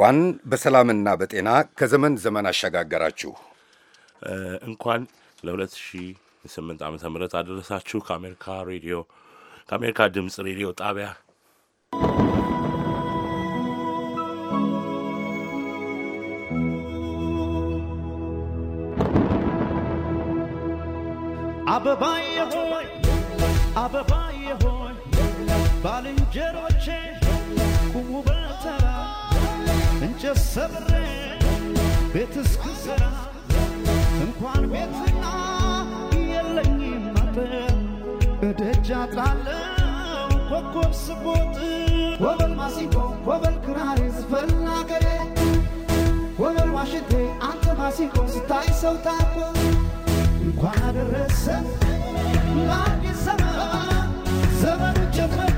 እንኳን በሰላምና በጤና ከዘመን ዘመን አሸጋገራችሁ። እንኳን ለ2008 ዓ ም አደረሳችሁ። ከአሜሪካ ሬዲዮ ከአሜሪካ ድምፅ ሬዲዮ ጣቢያ አበባዬ ሆይ አበባዬ ሆይ ባልንጀሮ እየሰብሬ ቤት እስክሰራ እንኳን ቤትና የለኝም አጥር እደጃ ጣለው ኮከብ ስቦጥ ወበል ማሲንቆ ወበል ክራሬ ዝፈል ወበል ዋሽንቴ አንተ ማሲንቆ ስታይ ሰው ታኮ እንኳን ዘመን ዘመኑ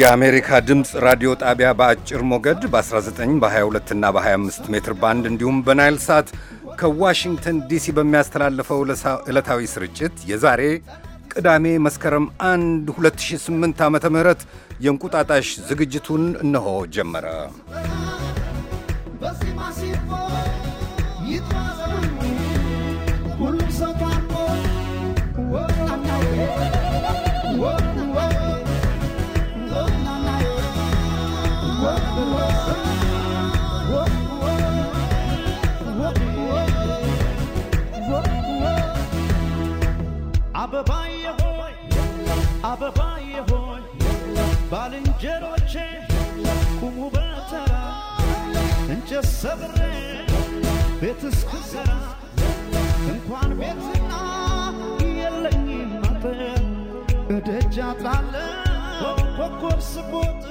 የአሜሪካ ድምፅ ራዲዮ ጣቢያ በአጭር ሞገድ በ19 በ22 እና በ25 ሜትር ባንድ እንዲሁም በናይል ሳት ከዋሽንግተን ዲሲ በሚያስተላልፈው ዕለታዊ ስርጭት የዛሬ ቅዳሜ መስከረም 1 2008 ዓ ም የእንቁጣጣሽ ዝግጅቱን እነሆ ጀመረ። አበባዬ ሆይ አበባዬ ሆይ ባልንጀሮቼ ቁሙ በተራ እንጨት ሰብሬ ቤት እስክሰራ እንኳን ቤትና የለኝም አጥር እደጃ ጣለው ኮከብ ስቦጥ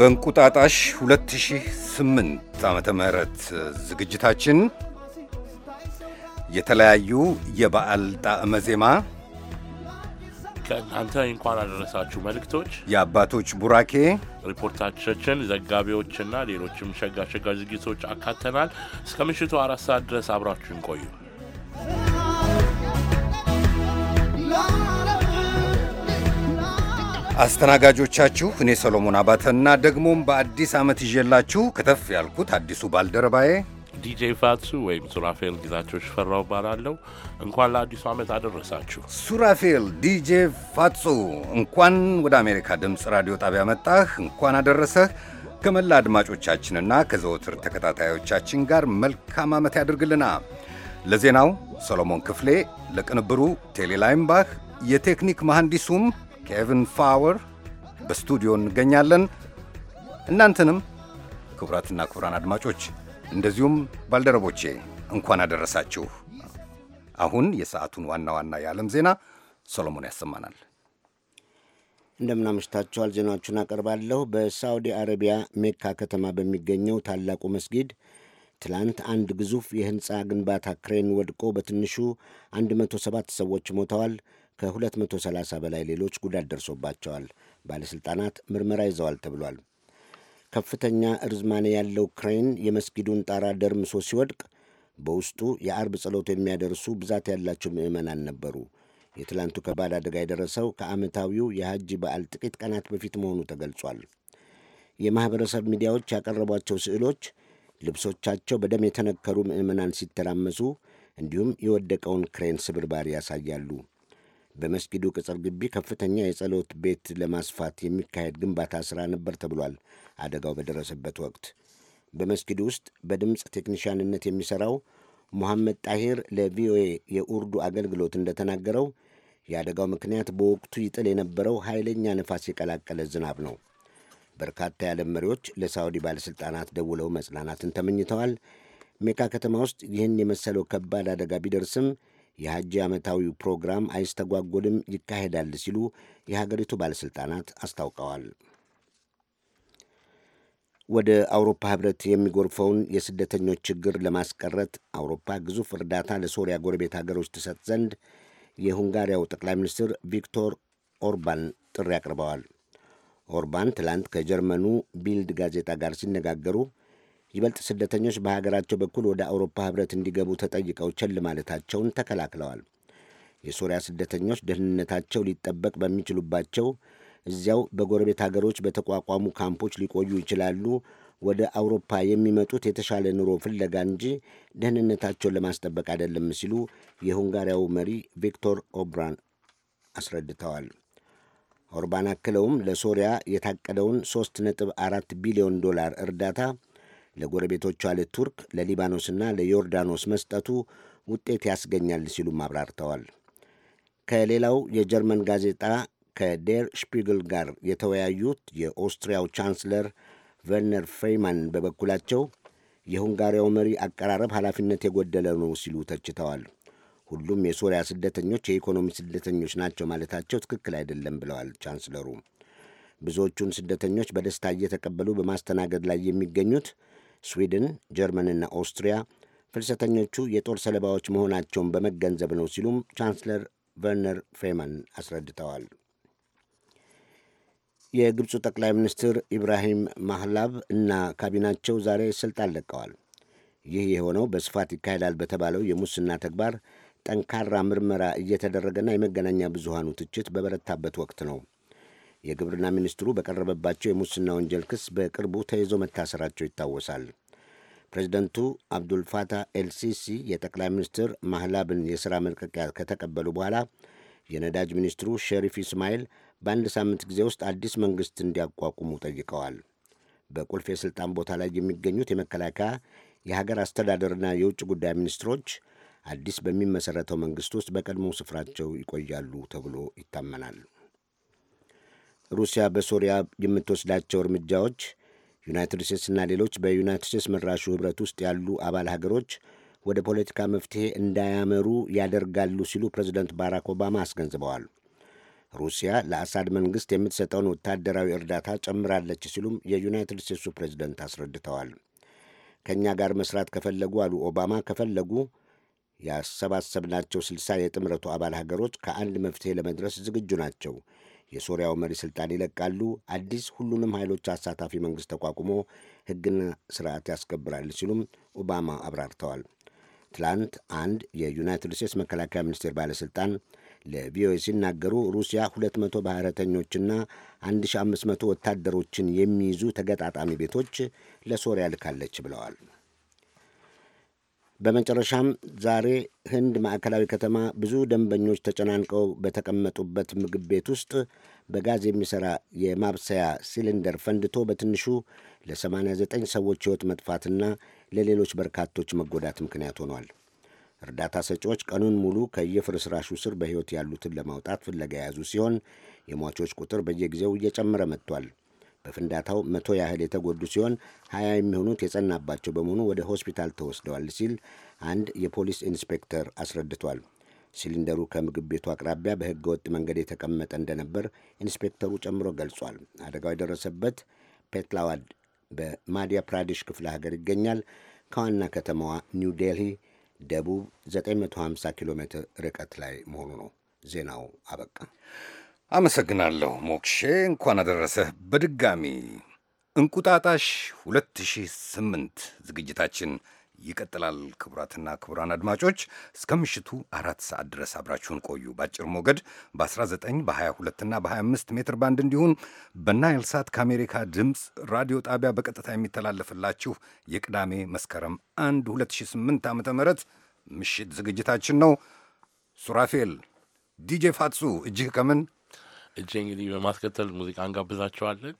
በእንቁጣጣሽ 2008 ዓመተ ምህረት ዝግጅታችን የተለያዩ የበዓል ጣዕመ ዜማ ከእናንተ እንኳን አደረሳችሁ መልእክቶች፣ የአባቶች ቡራኬ፣ ሪፖርታችን፣ ዘጋቢዎችና ሌሎችም ሸጋ ሸጋ ዝግጅቶች አካተናል። እስከ ምሽቱ አራት ሰዓት ድረስ አብራችሁን ቆዩ። አስተናጋጆቻችሁ እኔ ሰሎሞን አባተና ደግሞም በአዲስ ዓመት ይዤላችሁ ከተፍ ያልኩት አዲሱ ባልደረባዬ ዲጄ ፋትሱ ወይም ሱራፌል ጌታቸው ሽፈራው እባላለሁ። እንኳን ለአዲሱ ዓመት አደረሳችሁ። ሱራፌል ዲጄ ፋትሱ እንኳን ወደ አሜሪካ ድምፅ ራዲዮ ጣቢያ መጣህ፣ እንኳን አደረሰህ። ከመላ አድማጮቻችንና ከዘወትር ተከታታዮቻችን ጋር መልካም ዓመት ያድርግልና። ለዜናው ሰሎሞን ክፍሌ፣ ለቅንብሩ ቴሌ ላይምባህ፣ የቴክኒክ መሐንዲሱም ኬቪን ፋወር በስቱዲዮ እንገኛለን። እናንተንም ክቡራትና ክቡራን አድማጮች እንደዚሁም ባልደረቦቼ እንኳን አደረሳችሁ። አሁን የሰዓቱን ዋና ዋና የዓለም ዜና ሰሎሞን ያሰማናል። እንደምናመሽታችኋል። ዜናዎቹን አቀርባለሁ። በሳዑዲ አረቢያ ሜካ ከተማ በሚገኘው ታላቁ መስጊድ ትላንት አንድ ግዙፍ የህንፃ ግንባታ ክሬን ወድቆ በትንሹ 107 ሰዎች ሞተዋል። ከ230 በላይ ሌሎች ጉዳት ደርሶባቸዋል። ባለሥልጣናት ምርመራ ይዘዋል ተብሏል። ከፍተኛ እርዝማኔ ያለው ክሬን የመስጊዱን ጣራ ደርምሶ ሲወድቅ በውስጡ የአርብ ጸሎት የሚያደርሱ ብዛት ያላቸው ምዕመናን ነበሩ። የትላንቱ ከባድ አደጋ የደረሰው ከዓመታዊው የሐጂ በዓል ጥቂት ቀናት በፊት መሆኑ ተገልጿል። የማኅበረሰብ ሚዲያዎች ያቀረቧቸው ስዕሎች ልብሶቻቸው በደም የተነከሩ ምዕመናን ሲተራመሱ፣ እንዲሁም የወደቀውን ክሬን ስብርባሪ ያሳያሉ። በመስጊዱ ቅጽር ግቢ ከፍተኛ የጸሎት ቤት ለማስፋት የሚካሄድ ግንባታ ሥራ ነበር ተብሏል። አደጋው በደረሰበት ወቅት በመስጊድ ውስጥ በድምፅ ቴክኒሽያንነት የሚሠራው ሞሐመድ ጣሂር ለቪኦኤ የኡርዱ አገልግሎት እንደተናገረው የአደጋው ምክንያት በወቅቱ ይጥል የነበረው ኃይለኛ ነፋስ የቀላቀለ ዝናብ ነው። በርካታ የዓለም መሪዎች ለሳዑዲ ባለሥልጣናት ደውለው መጽናናትን ተመኝተዋል። ሜካ ከተማ ውስጥ ይህን የመሰለው ከባድ አደጋ ቢደርስም የሐጂ ዓመታዊው ፕሮግራም አይስተጓጎልም፣ ይካሄዳል ሲሉ የሀገሪቱ ባለሥልጣናት አስታውቀዋል። ወደ አውሮፓ ህብረት የሚጎርፈውን የስደተኞች ችግር ለማስቀረት አውሮፓ ግዙፍ እርዳታ ለሶሪያ ጎረቤት ሀገሮች ትሰጥ ዘንድ የሁንጋሪያው ጠቅላይ ሚኒስትር ቪክቶር ኦርባን ጥሪ አቅርበዋል። ኦርባን ትላንት ከጀርመኑ ቢልድ ጋዜጣ ጋር ሲነጋገሩ ይበልጥ ስደተኞች በሀገራቸው በኩል ወደ አውሮፓ ህብረት እንዲገቡ ተጠይቀው ቸል ማለታቸውን ተከላክለዋል። የሶሪያ ስደተኞች ደህንነታቸው ሊጠበቅ በሚችሉባቸው እዚያው በጎረቤት ሀገሮች በተቋቋሙ ካምፖች ሊቆዩ ይችላሉ። ወደ አውሮፓ የሚመጡት የተሻለ ኑሮ ፍለጋ እንጂ ደህንነታቸውን ለማስጠበቅ አይደለም ሲሉ የሁንጋሪያው መሪ ቪክቶር ኦብራን አስረድተዋል። ኦርባን አክለውም ለሶሪያ የታቀደውን 3.4 ቢሊዮን ዶላር እርዳታ ለጎረቤቶቿ ለቱርክ፣ ለሊባኖስና ለዮርዳኖስ መስጠቱ ውጤት ያስገኛል ሲሉም አብራርተዋል። ከሌላው የጀርመን ጋዜጣ ከዴር ሽፒግል ጋር የተወያዩት የኦስትሪያው ቻንስለር ቨርነር ፍሬማን በበኩላቸው የሁንጋሪያው መሪ አቀራረብ ኃላፊነት የጎደለ ነው ሲሉ ተችተዋል። ሁሉም የሶሪያ ስደተኞች የኢኮኖሚ ስደተኞች ናቸው ማለታቸው ትክክል አይደለም ብለዋል ቻንስለሩ። ብዙዎቹን ስደተኞች በደስታ እየተቀበሉ በማስተናገድ ላይ የሚገኙት ስዊድን፣ ጀርመንና ኦስትሪያ ፍልሰተኞቹ የጦር ሰለባዎች መሆናቸውን በመገንዘብ ነው ሲሉም ቻንስለር ቨርነር ፍሬማን አስረድተዋል። የግብፁ ጠቅላይ ሚኒስትር ኢብራሂም ማህላብ እና ካቢናቸው ዛሬ ስልጣን ለቀዋል። ይህ የሆነው በስፋት ይካሄዳል በተባለው የሙስና ተግባር ጠንካራ ምርመራ እየተደረገና የመገናኛ ብዙሃኑ ትችት በበረታበት ወቅት ነው። የግብርና ሚኒስትሩ በቀረበባቸው የሙስና ወንጀል ክስ በቅርቡ ተይዞ መታሰራቸው ይታወሳል። ፕሬዚደንቱ አብዱልፋታህ ኤልሲሲ የጠቅላይ ሚኒስትር ማህላብን የሥራ መልቀቂያ ከተቀበሉ በኋላ የነዳጅ ሚኒስትሩ ሸሪፍ ኢስማኤል በአንድ ሳምንት ጊዜ ውስጥ አዲስ መንግሥት እንዲያቋቁሙ ጠይቀዋል። በቁልፍ የሥልጣን ቦታ ላይ የሚገኙት የመከላከያ የሀገር አስተዳደርና የውጭ ጉዳይ ሚኒስትሮች አዲስ በሚመሠረተው መንግሥት ውስጥ በቀድሞ ስፍራቸው ይቆያሉ ተብሎ ይታመናል። ሩሲያ በሶሪያ የምትወስዳቸው እርምጃዎች ዩናይትድ ስቴትስና ሌሎች በዩናይትድ ስቴትስ መድራሹ ኅብረት ውስጥ ያሉ አባል ሀገሮች ወደ ፖለቲካ መፍትሔ እንዳያመሩ ያደርጋሉ ሲሉ ፕሬዚደንት ባራክ ኦባማ አስገንዝበዋል። ሩሲያ ለአሳድ መንግሥት የምትሰጠውን ወታደራዊ እርዳታ ጨምራለች ሲሉም የዩናይትድ ስቴትሱ ፕሬዚደንት አስረድተዋል። ከእኛ ጋር መስራት ከፈለጉ አሉ ኦባማ፣ ከፈለጉ ያሰባሰብናቸው ስልሳ የጥምረቱ አባል ሀገሮች ከአንድ መፍትሔ ለመድረስ ዝግጁ ናቸው። የሶሪያው መሪ ስልጣን ይለቃሉ። አዲስ ሁሉንም ኃይሎች አሳታፊ መንግሥት ተቋቁሞ ሕግና ስርዓት ያስከብራል ሲሉም ኦባማ አብራርተዋል። ትላንት አንድ የዩናይትድ ስቴትስ መከላከያ ሚኒስቴር ባለሥልጣን ለቪኦኤ ሲናገሩ ሩሲያ 200 ባህረተኞችና 1500 ወታደሮችን የሚይዙ ተገጣጣሚ ቤቶች ለሶሪያ ልካለች ብለዋል። በመጨረሻም ዛሬ ህንድ ማዕከላዊ ከተማ ብዙ ደንበኞች ተጨናንቀው በተቀመጡበት ምግብ ቤት ውስጥ በጋዝ የሚሠራ የማብሰያ ሲሊንደር ፈንድቶ በትንሹ ለ89 ሰዎች ሕይወት መጥፋትና ለሌሎች በርካቶች መጎዳት ምክንያት ሆኗል። እርዳታ ሰጪዎች ቀኑን ሙሉ ከየፍርስራሹ ስር በሕይወት ያሉትን ለማውጣት ፍለጋ የያዙ ሲሆን የሟቾች ቁጥር በየጊዜው እየጨመረ መጥቷል። በፍንዳታው መቶ ያህል የተጎዱ ሲሆን ሀያ የሚሆኑት የጸናባቸው በመሆኑ ወደ ሆስፒታል ተወስደዋል ሲል አንድ የፖሊስ ኢንስፔክተር አስረድቷል። ሲሊንደሩ ከምግብ ቤቱ አቅራቢያ በሕገ ወጥ መንገድ የተቀመጠ እንደነበር ኢንስፔክተሩ ጨምሮ ገልጿል። አደጋው የደረሰበት ፔትላዋድ በማዲያ ፕራዴሽ ክፍለ ሀገር ይገኛል። ከዋና ከተማዋ ኒው ዴልሂ ደቡብ 950 ኪሎ ሜትር ርቀት ላይ መሆኑ ነው። ዜናው አበቃ። አመሰግናለሁ ሞክሼ። እንኳን አደረሰህ በድጋሚ እንቁጣጣሽ 2008 ዝግጅታችን ይቀጥላል። ክቡራትና ክቡራን አድማጮች እስከ ምሽቱ አራት ሰዓት ድረስ አብራችሁን ቆዩ። በአጭር ሞገድ በ19 በ22ና በ25 ሜትር ባንድ እንዲሁም በናይል ሳት ከአሜሪካ ድምፅ ራዲዮ ጣቢያ በቀጥታ የሚተላለፍላችሁ የቅዳሜ መስከረም 1 2008 ዓ ም ምሽት ዝግጅታችን ነው። ሱራፌል ዲጄ ፋትሱ እጅህ ከምን እጅ እንግዲህ በማስከተል ሙዚቃ እንጋብዛቸዋለን።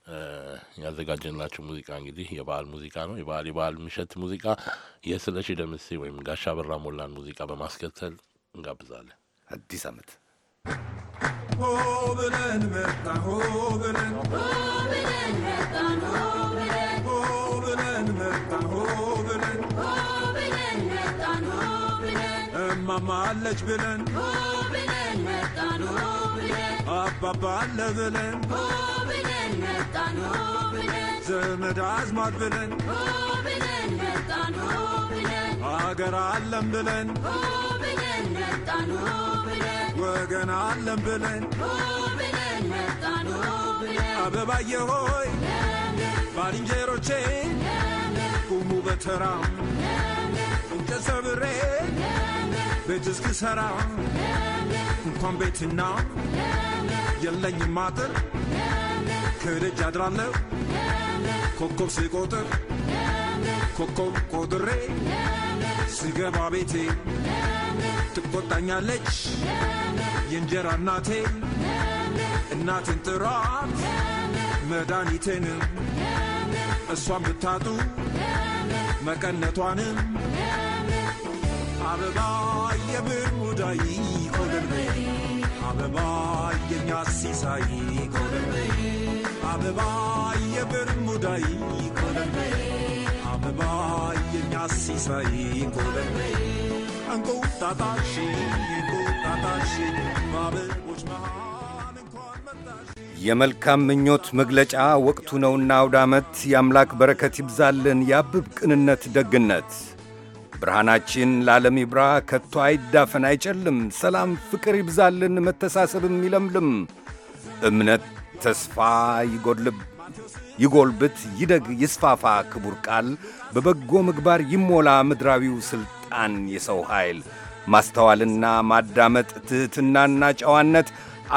ያዘጋጀንላቸው ሙዚቃ እንግዲህ የበዓል ሙዚቃ ነው። የበዓል የበዓል ምሽት ሙዚቃ የስለሺ ደምሴ ወይም ጋሻ በራ ሞላን ሙዚቃ በማስከተል እንጋብዛለን። አዲስ አመት ሆ ብለን ሆ ብለን እማማ አለች ብለን አባባን ለብለን ብለን መጣን ብለን ዘመድ አዝማድ ብለን ብለን መጣን ብለን አገር አለም ብለን ብለን መጣን ብለን ወገን አለም ብለን ብለን መጣን ብለን አበባየ ሆይ ባልንጀሮቼ ቁሙ በተራ እንጨት ሰብሬ ቤት እስክሰራ እንኳን ቤትና የለኝም ማጥር ከደጅ አድራለሁ ኮከብ ስቆጥር ኮከብ ቆጥሬ ስገባ ቤቴ ትቆጣኛለች የእንጀራ እናቴ እናቴን ጥሯት መድኃኒቴንም እሷን ብታጡ መቀነቷንም አበባ የብሩዳይ ቆደርቤ አበባ የሚያሲሳይ አበባ አበባ የሚያሲሳይ እንቁጣጣሽ እንቁጣጣሽ በአበቦች መሃል የመልካም ምኞት መግለጫ ወቅቱ ነውና አውደ ዓመት የአምላክ በረከት ይብዛልን፣ የአብብ ቅንነት፣ ደግነት ብርሃናችን ለዓለም ይብራ፣ ከቶ አይዳፈን አይጨልም። ሰላም ፍቅር ይብዛልን፣ መተሳሰብም ይለምልም። እምነት ተስፋ ይጎልብ ይጎልብት፣ ይደግ፣ ይስፋፋ ክቡር ቃል በበጎ ምግባር ይሞላ ምድራዊው ሥልጣን የሰው ኃይል ማስተዋልና ማዳመጥ ትሕትናና ጨዋነት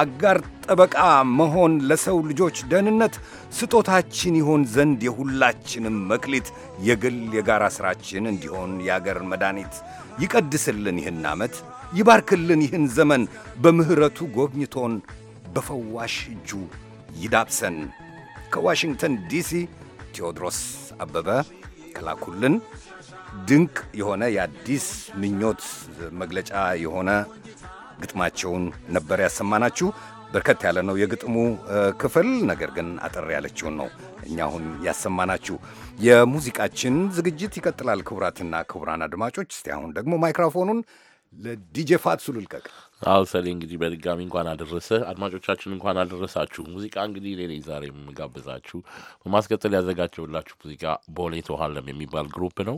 አጋር ጠበቃ መሆን ለሰው ልጆች ደህንነት ስጦታችን ይሆን ዘንድ የሁላችንም መክሊት የግል የጋራ ሥራችን እንዲሆን የአገር መድኃኒት ይቀድስልን ይህን ዓመት ይባርክልን ይህን ዘመን በምሕረቱ ጎብኝቶን በፈዋሽ እጁ ይዳብሰን። ከዋሽንግተን ዲሲ ቴዎድሮስ አበበ ከላኩልን ድንቅ የሆነ የአዲስ ምኞት መግለጫ የሆነ ግጥማቸውን ነበር ያሰማናችሁ። በርከት ያለ ነው የግጥሙ ክፍል፣ ነገር ግን አጠር ያለችውን ነው እኛ አሁን ያሰማናችሁ። የሙዚቃችን ዝግጅት ይቀጥላል። ክቡራትና ክቡራን አድማጮች፣ እስቲ አሁን ደግሞ ማይክሮፎኑን ለዲጄ ፋትሱ ልልቀቅ። አዎ ሰሌ፣ እንግዲህ በድጋሚ እንኳን አደረሰ። አድማጮቻችን እንኳን አደረሳችሁ። ሙዚቃ እንግዲህ እኔ ዛሬ የምጋብዛችሁ። በማስቀጠል ያዘጋጀውላችሁ ሙዚቃ ቦሌ ተሃለም የሚባል ግሩፕ ነው።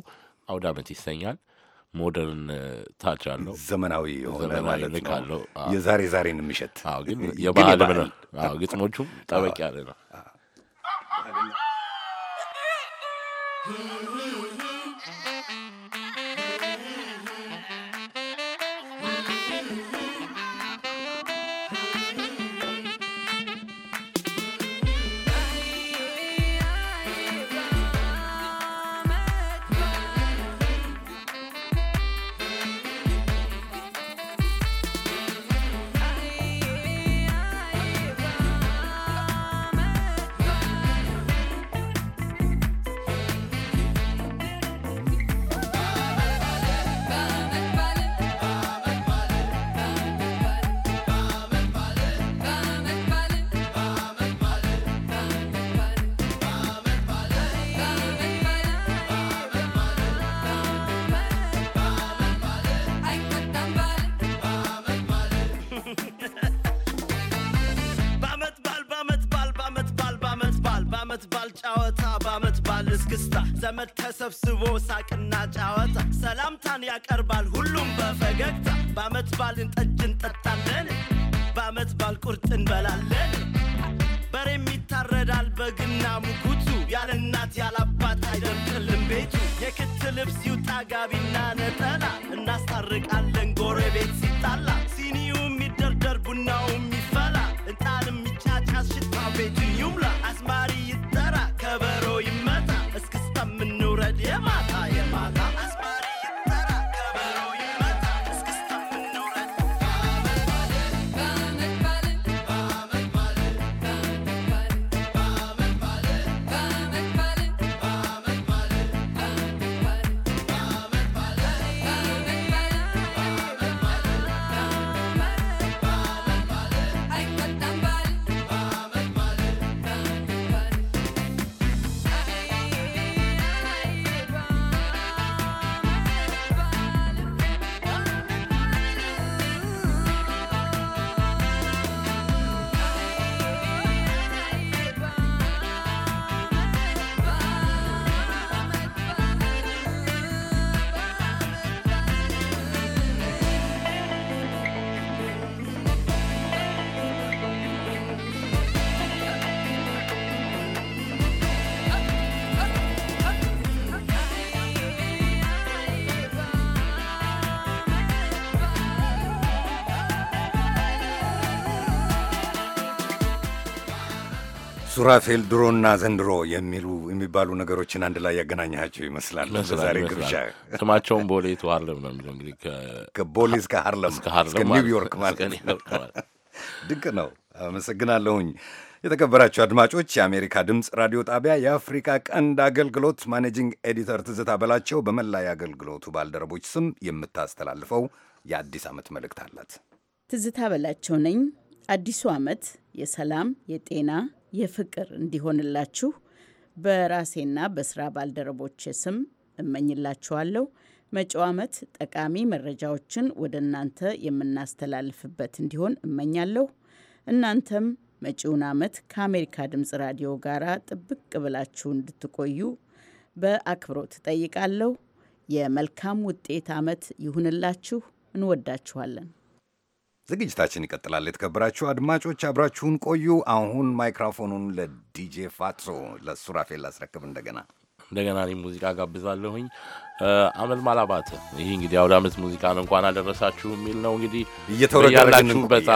አውድ አመት ይሰኛል። ሞደርን ታች አለው ዘመናዊ የሆነ ማለት የዛሬ ዛሬን የሚሸት ግን የባህል ምናምን ግጥሞቹም ጠበቅ ያለ ነው። ባል ሁሉም በፈገግታ በአመት ባልን ጠጅ እንጠጣለን፣ በአመት ባል ቁርጥ እንበላለን። ሱራፌል ድሮና ዘንድሮ የሚሉ የሚባሉ ነገሮችን አንድ ላይ ያገናኛቸው ይመስላል። ዛሬ ግብዣ ስማቸውን ቦሌ ቱ ሃርለም ነው የሚለው እንግዲህ ከቦሌ እስከ ሃርለም እስከ ኒውዮርክ ማለት ድንቅ ነው። አመሰግናለሁኝ። የተከበራችሁ አድማጮች የአሜሪካ ድምፅ ራዲዮ ጣቢያ የአፍሪካ ቀንድ አገልግሎት ማኔጂንግ ኤዲተር ትዝታ በላቸው በመላ የአገልግሎቱ ባልደረቦች ስም የምታስተላልፈው የአዲስ ዓመት መልእክት አላት። ትዝታ በላቸው ነኝ። አዲሱ ዓመት የሰላም የጤና የፍቅር እንዲሆንላችሁ በራሴና በስራ ባልደረቦች ስም እመኝላችኋለሁ። መጪው ዓመት ጠቃሚ መረጃዎችን ወደ እናንተ የምናስተላልፍበት እንዲሆን እመኛለሁ። እናንተም መጪውን ዓመት ከአሜሪካ ድምፅ ራዲዮ ጋር ጥብቅ ብላችሁ እንድትቆዩ በአክብሮት ጠይቃለሁ። የመልካም ውጤት ዓመት ይሁንላችሁ። እንወዳችኋለን። ዝግጅታችን ይቀጥላል። የተከበራችሁ አድማጮች አብራችሁን ቆዩ። አሁን ማይክሮፎኑን ለዲጄ ፋጾ ለሱራፌል ላስረክብ። እንደገና እንደገና እኔ ሙዚቃ ጋብዛለሁኝ። አመልማል ማላባት ይህ እንግዲህ አውደ ሙዚቃ ነው። እንኳን አደረሳችሁ የሚል ነው። እንግዲህ እየተወረጋላችሁ እየተወረያላችሁበት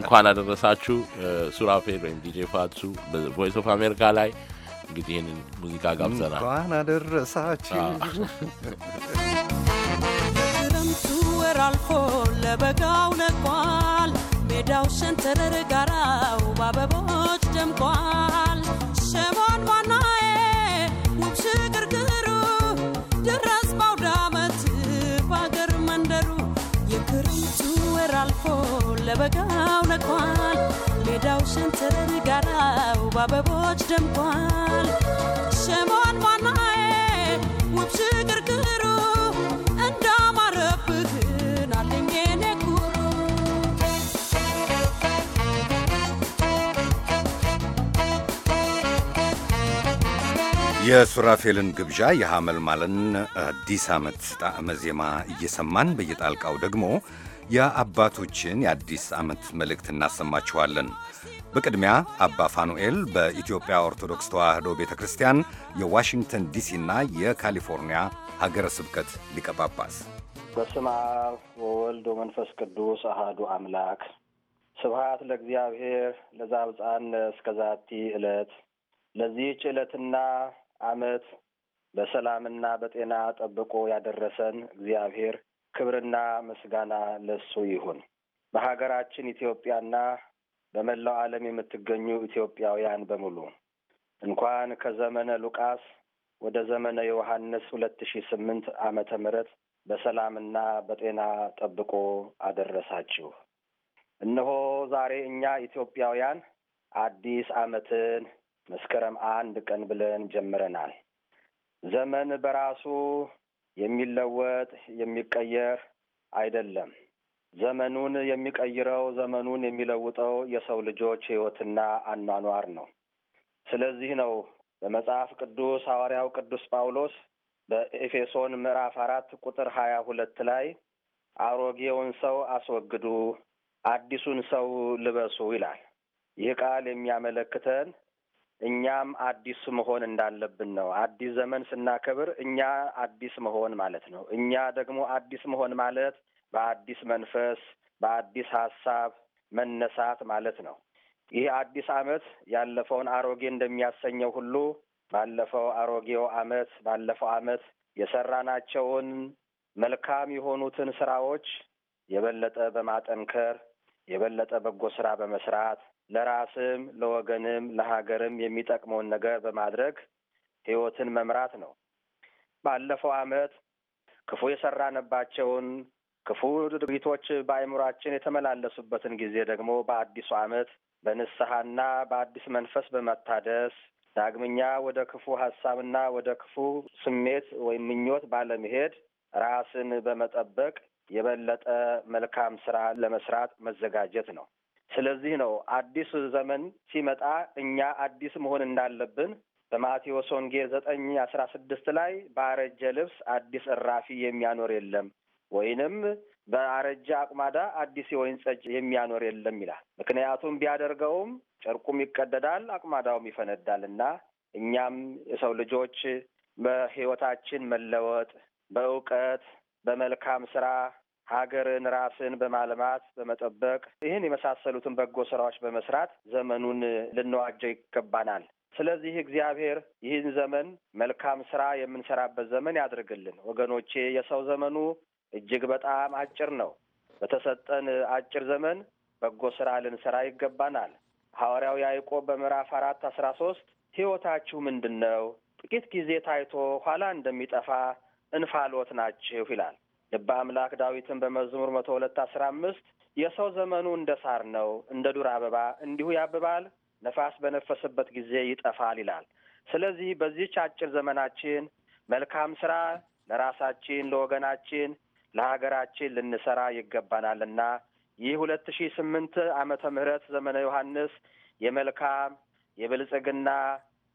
እንኳን አደረሳችሁ። ሱራፌል ወይም ዲጄ ፋሱ ቮይስ ኦፍ አሜሪካ ላይ እንግዲህ ይህንን ሙዚቃ ጋብዘናል። እንኳን አደረሳችሁ። ክረምቱ ወር አልፎ ለበጋው ለቋል ሜዳው ሸንተረር ጋራው በአበቦች ደምቋል። ሸማን ዋናዬ ውብ ሽግርግሩ ደረስ ባውደ ዓመት በአገር መንደሩ የክረምቱ ወር አልፎ ለበጋው ለቋል። ሜዳው ሸንተረር ጋራው በአበቦች ደምቋል። ሸባን ዋናዬ ውብ የሱራፌልን ግብዣ የሐመልማልን አዲስ ዓመት ጣዕመ ዜማ እየሰማን በየጣልቃው ደግሞ የአባቶችን የአዲስ ዓመት መልእክት እናሰማችኋለን። በቅድሚያ አባ ፋኑኤል በኢትዮጵያ ኦርቶዶክስ ተዋሕዶ ቤተ ክርስቲያን የዋሽንግተን ዲሲና የካሊፎርኒያ ሀገረ ስብከት ሊቀ ጳጳስ። በስመ አብ ወወልድ ወመንፈስ ቅዱስ አሃዱ አምላክ ስብሐት ለእግዚአብሔር ለዛብፃን እስከዛቲ ዕለት ለዚህች ዕለትና ዓመት በሰላምና በጤና ጠብቆ ያደረሰን እግዚአብሔር ክብርና ምስጋና ለሱ ይሁን። በሀገራችን ኢትዮጵያና በመላው ዓለም የምትገኙ ኢትዮጵያውያን በሙሉ እንኳን ከዘመነ ሉቃስ ወደ ዘመነ ዮሐንስ ሁለት ሺ ስምንት ዓመተ ምህረት በሰላምና በጤና ጠብቆ አደረሳችሁ። እነሆ ዛሬ እኛ ኢትዮጵያውያን አዲስ ዓመትን መስከረም አንድ ቀን ብለን ጀምረናል። ዘመን በራሱ የሚለወጥ የሚቀየር አይደለም። ዘመኑን የሚቀይረው ዘመኑን የሚለውጠው የሰው ልጆች ሕይወትና አኗኗር ነው። ስለዚህ ነው በመጽሐፍ ቅዱስ ሐዋርያው ቅዱስ ጳውሎስ በኤፌሶን ምዕራፍ አራት ቁጥር ሀያ ሁለት ላይ አሮጌውን ሰው አስወግዱ፣ አዲሱን ሰው ልበሱ ይላል። ይህ ቃል የሚያመለክተን እኛም አዲሱ መሆን እንዳለብን ነው። አዲስ ዘመን ስናከብር እኛ አዲስ መሆን ማለት ነው። እኛ ደግሞ አዲስ መሆን ማለት በአዲስ መንፈስ፣ በአዲስ ሀሳብ መነሳት ማለት ነው። ይህ አዲስ ዓመት ያለፈውን አሮጌ እንደሚያሰኘው ሁሉ ባለፈው አሮጌው ዓመት ባለፈው ዓመት የሰራናቸውን መልካም የሆኑትን ስራዎች የበለጠ በማጠንከር የበለጠ በጎ ስራ በመስራት ለራስም ለወገንም ለሀገርም የሚጠቅመውን ነገር በማድረግ ህይወትን መምራት ነው። ባለፈው ዓመት ክፉ የሰራንባቸውን ክፉ ድርጊቶች በአእምሯችን የተመላለሱበትን ጊዜ ደግሞ በአዲሱ ዓመት በንስሐና በአዲስ መንፈስ በመታደስ ዳግመኛ ወደ ክፉ ሀሳብና ወደ ክፉ ስሜት ወይም ምኞት ባለመሄድ ራስን በመጠበቅ የበለጠ መልካም ስራ ለመስራት መዘጋጀት ነው። ስለዚህ ነው አዲስ ዘመን ሲመጣ እኛ አዲስ መሆን እንዳለብን በማቴዎስ ወንጌል ዘጠኝ አስራ ስድስት ላይ በአረጀ ልብስ አዲስ እራፊ የሚያኖር የለም ወይንም በአረጀ አቁማዳ አዲስ የወይን ጠጅ የሚያኖር የለም ይላል። ምክንያቱም ቢያደርገውም ጨርቁም ይቀደዳል፣ አቁማዳውም ይፈነዳል እና እኛም የሰው ልጆች በሕይወታችን መለወጥ በእውቀት በመልካም ስራ ሀገርን ራስን በማልማት በመጠበቅ ይህን የመሳሰሉትን በጎ ስራዎች በመስራት ዘመኑን ልንዋጀው ይገባናል። ስለዚህ እግዚአብሔር ይህን ዘመን መልካም ስራ የምንሰራበት ዘመን ያድርግልን። ወገኖቼ የሰው ዘመኑ እጅግ በጣም አጭር ነው። በተሰጠን አጭር ዘመን በጎ ስራ ልንሰራ ይገባናል። ሐዋርያው ያዕቆብ በምዕራፍ አራት አስራ ሶስት ሕይወታችሁ ምንድን ነው? ጥቂት ጊዜ ታይቶ ኋላ እንደሚጠፋ እንፋሎት ናችሁ ይላል። ልበ አምላክ ዳዊትን በመዝሙር መቶ ሁለት አስራ አምስት የሰው ዘመኑ እንደ ሳር ነው፣ እንደ ዱር አበባ እንዲሁ ያብባል፣ ነፋስ በነፈሰበት ጊዜ ይጠፋል ይላል። ስለዚህ በዚህች አጭር ዘመናችን መልካም ስራ ለራሳችን፣ ለወገናችን፣ ለሀገራችን ልንሰራ ይገባናልና ይህ ሁለት ሺ ስምንት ዓመተ ምህረት ዘመነ ዮሐንስ የመልካም የብልጽግና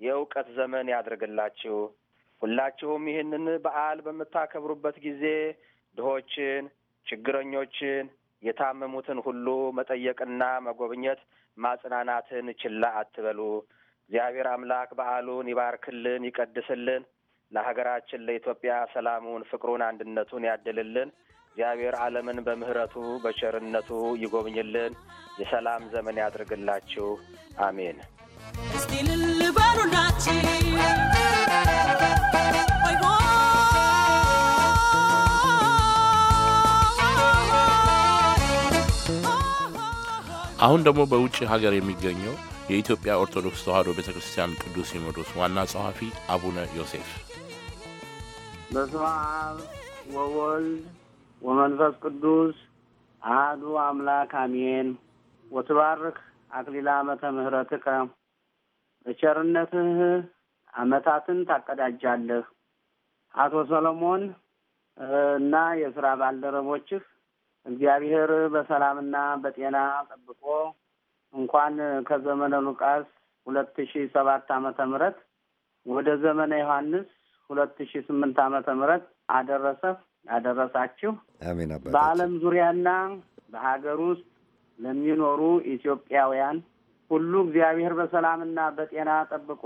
የእውቀት ዘመን ያድርግላችሁ። ሁላችሁም ይህንን በዓል በምታከብሩበት ጊዜ ድሆችን፣ ችግረኞችን፣ የታመሙትን ሁሉ መጠየቅና መጎብኘት፣ ማጽናናትን ችላ አትበሉ። እግዚአብሔር አምላክ በዓሉን ይባርክልን፣ ይቀድስልን። ለሀገራችን ለኢትዮጵያ ሰላሙን፣ ፍቅሩን፣ አንድነቱን ያድልልን። እግዚአብሔር ዓለምን በምሕረቱ በቸርነቱ ይጎብኝልን። የሰላም ዘመን ያድርግላችሁ። አሜን። እስቲ አሁን ደግሞ በውጭ ሀገር የሚገኘው የኢትዮጵያ ኦርቶዶክስ ተዋሕዶ ቤተ ክርስቲያን ቅዱስ ሲኖዶስ ዋና ጸሐፊ አቡነ ዮሴፍ በስመ አብ ወወልድ ወመንፈስ ቅዱስ አህዱ አምላክ አሜን። ወትባርክ አክሊለ ዓመተ ምሕረትከ በቸርነትህ ዓመታትን ታቀዳጃለህ። አቶ ሰለሞን እና የስራ ባልደረቦችህ እግዚአብሔር በሰላምና በጤና ጠብቆ እንኳን ከዘመነ ሉቃስ ሁለት ሺ ሰባት አመተ ምህረት ወደ ዘመነ ዮሐንስ ሁለት ሺ ስምንት አመተ ምህረት አደረሰ አደረሳችሁ። አሜን። በዓለም ዙሪያና በሀገር ውስጥ ለሚኖሩ ኢትዮጵያውያን ሁሉ እግዚአብሔር በሰላምና በጤና ጠብቆ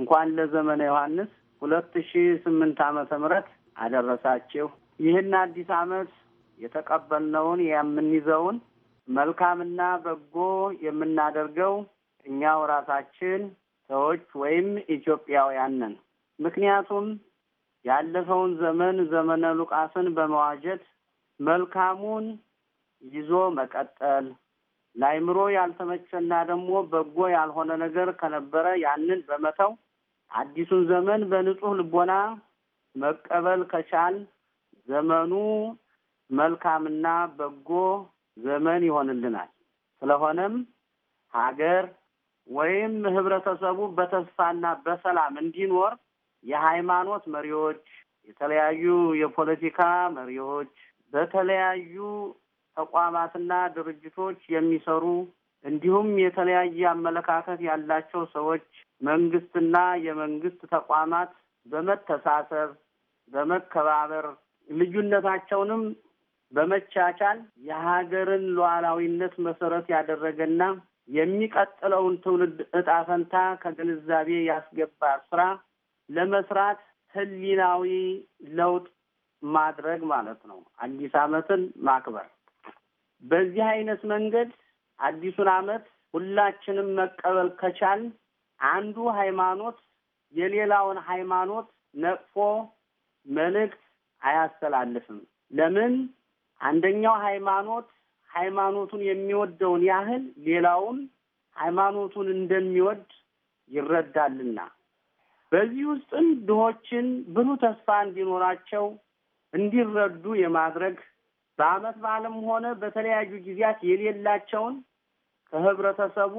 እንኳን ለዘመነ ዮሐንስ ሁለት ሺ ስምንት አመተ ምህረት አደረሳችሁ። ይህን አዲስ አመት። የተቀበልነውን የምንይዘውን መልካምና በጎ የምናደርገው እኛው ራሳችን ሰዎች ወይም ኢትዮጵያውያን ነን። ምክንያቱም ያለፈውን ዘመን ዘመነ ሉቃስን በመዋጀት መልካሙን ይዞ መቀጠል ለአይምሮ ያልተመቸና ደግሞ በጎ ያልሆነ ነገር ከነበረ ያንን በመተው አዲሱን ዘመን በንጹህ ልቦና መቀበል ከቻል ዘመኑ መልካምና በጎ ዘመን ይሆንልናል። ስለሆነም ሀገር ወይም ህብረተሰቡ በተስፋና በሰላም እንዲኖር የሃይማኖት መሪዎች፣ የተለያዩ የፖለቲካ መሪዎች፣ በተለያዩ ተቋማትና ድርጅቶች የሚሰሩ እንዲሁም የተለያየ አመለካከት ያላቸው ሰዎች፣ መንግስትና የመንግስት ተቋማት በመተሳሰብ በመከባበር ልዩነታቸውንም በመቻቻል የሀገርን ሉዓላዊነት መሰረት ያደረገና የሚቀጥለውን ትውልድ እጣ ፈንታ ከግንዛቤ ያስገባ ስራ ለመስራት ህሊናዊ ለውጥ ማድረግ ማለት ነው። አዲስ አመትን ማክበር በዚህ አይነት መንገድ አዲሱን አመት ሁላችንም መቀበል ከቻል አንዱ ሃይማኖት የሌላውን ሃይማኖት ነቅፎ መልእክት አያስተላልፍም። ለምን አንደኛው ሃይማኖት ሃይማኖቱን የሚወደውን ያህል ሌላውን ሃይማኖቱን እንደሚወድ ይረዳልና በዚህ ውስጥም ድሆችን ብሩህ ተስፋ እንዲኖራቸው እንዲረዱ የማድረግ በዓመት በዓለም ሆነ በተለያዩ ጊዜያት የሌላቸውን ከህብረተሰቡ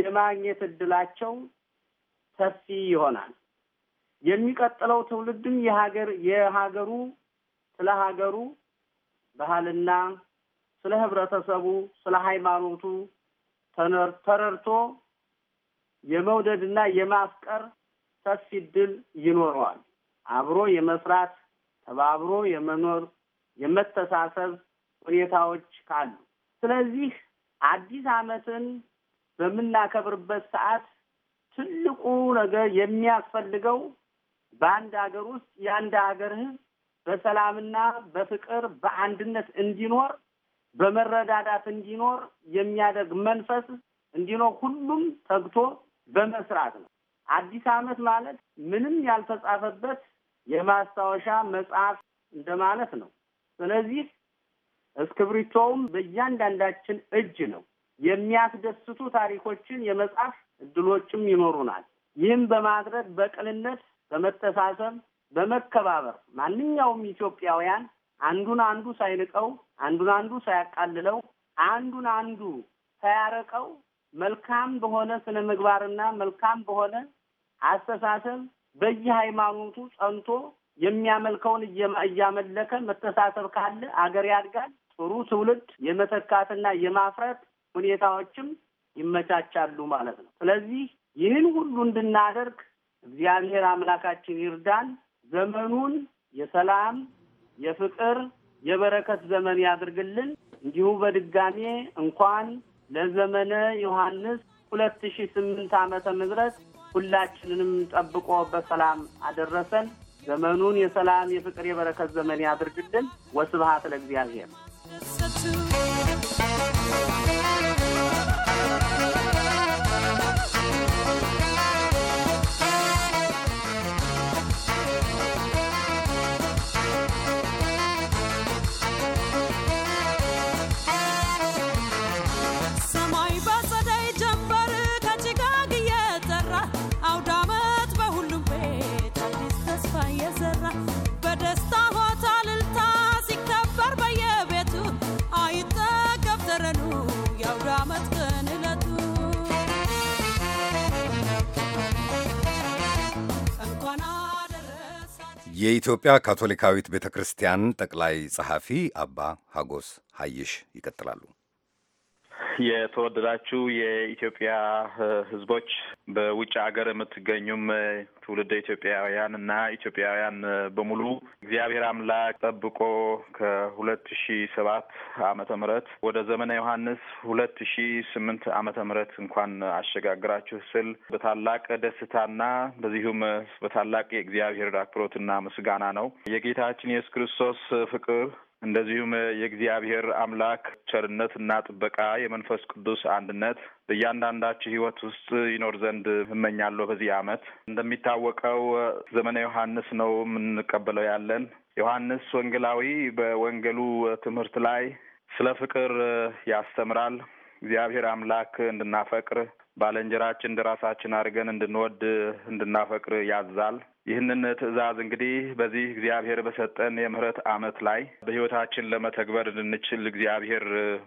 የማግኘት እድላቸው ሰፊ ይሆናል። የሚቀጥለው ትውልድም የሀገር የሀገሩ ስለ ሀገሩ ባህልና ስለ ህብረተሰቡ፣ ስለ ሃይማኖቱ ተረድቶ የመውደድና የማፍቀር ሰፊ ድል ይኖረዋል። አብሮ የመስራት ተባብሮ የመኖር የመተሳሰብ ሁኔታዎች ካሉ ስለዚህ አዲስ ዓመትን በምናከብርበት ሰዓት ትልቁ ነገር የሚያስፈልገው በአንድ ሀገር ውስጥ የአንድ ሀገር ህዝብ በሰላምና በፍቅር በአንድነት እንዲኖር በመረዳዳት እንዲኖር የሚያደርግ መንፈስ እንዲኖር ሁሉም ተግቶ በመስራት ነው። አዲስ ዓመት ማለት ምንም ያልተጻፈበት የማስታወሻ መጽሐፍ እንደማለት ነው። ስለዚህ እስክብሪቶውም በእያንዳንዳችን እጅ ነው። የሚያስደስቱ ታሪኮችን የመጽሐፍ እድሎችም ይኖሩናል። ይህም በማድረግ በቅንነት በመተሳሰብ በመከባበር ማንኛውም ኢትዮጵያውያን አንዱን አንዱ ሳይንቀው፣ አንዱን አንዱ ሳያቃልለው፣ አንዱን አንዱ ሳያረቀው መልካም በሆነ ስነ ምግባርና መልካም በሆነ አስተሳሰብ በየሃይማኖቱ ጸንቶ የሚያመልከውን እያመለከ መተሳሰብ ካለ አገር ያድጋል። ጥሩ ትውልድ የመተካትና የማፍረት ሁኔታዎችም ይመቻቻሉ ማለት ነው። ስለዚህ ይህን ሁሉ እንድናደርግ እግዚአብሔር አምላካችን ይርዳን። ዘመኑን የሰላም የፍቅር፣ የበረከት ዘመን ያድርግልን። እንዲሁ በድጋሜ እንኳን ለዘመነ ዮሐንስ ሁለት ሺ ስምንት ዓመተ ምህረት ሁላችንንም ጠብቆ በሰላም አደረሰን። ዘመኑን የሰላም የፍቅር፣ የበረከት ዘመን ያድርግልን። ወስብሐት ለእግዚአብሔር። የኢትዮጵያ ካቶሊካዊት ቤተ ክርስቲያን ጠቅላይ ጸሐፊ አባ ሀጎስ ሀይሽ ይቀጥላሉ። የተወደዳችሁ የኢትዮጵያ ሕዝቦች በውጭ ሀገር የምትገኙም ትውልደ ኢትዮጵያውያን እና ኢትዮጵያውያን በሙሉ እግዚአብሔር አምላክ ጠብቆ ከሁለት ሺ ሰባት አመተ ምህረት ወደ ዘመነ ዮሐንስ ሁለት ሺ ስምንት አመተ ምህረት እንኳን አሸጋግራችሁ ስል በታላቅ ደስታና በዚሁም በታላቅ የእግዚአብሔር አክብሮትና ምስጋና ነው የጌታችን የሱስ ክርስቶስ ፍቅር እንደዚሁም የእግዚአብሔር አምላክ ቸርነት እና ጥበቃ የመንፈስ ቅዱስ አንድነት በእያንዳንዳችሁ ሕይወት ውስጥ ይኖር ዘንድ እመኛለሁ። በዚህ ዓመት እንደሚታወቀው ዘመነ ዮሐንስ ነው የምንቀበለው ያለን ዮሐንስ ወንጌላዊ በወንጌሉ ትምህርት ላይ ስለ ፍቅር ያስተምራል። እግዚአብሔር አምላክ እንድናፈቅር ባለንጀራችን እንደራሳችን አድርገን እንድንወድ እንድናፈቅር ያዛል። ይህንን ትዕዛዝ እንግዲህ በዚህ እግዚአብሔር በሰጠን የምህረት ዓመት ላይ በሕይወታችን ለመተግበር እንድንችል እግዚአብሔር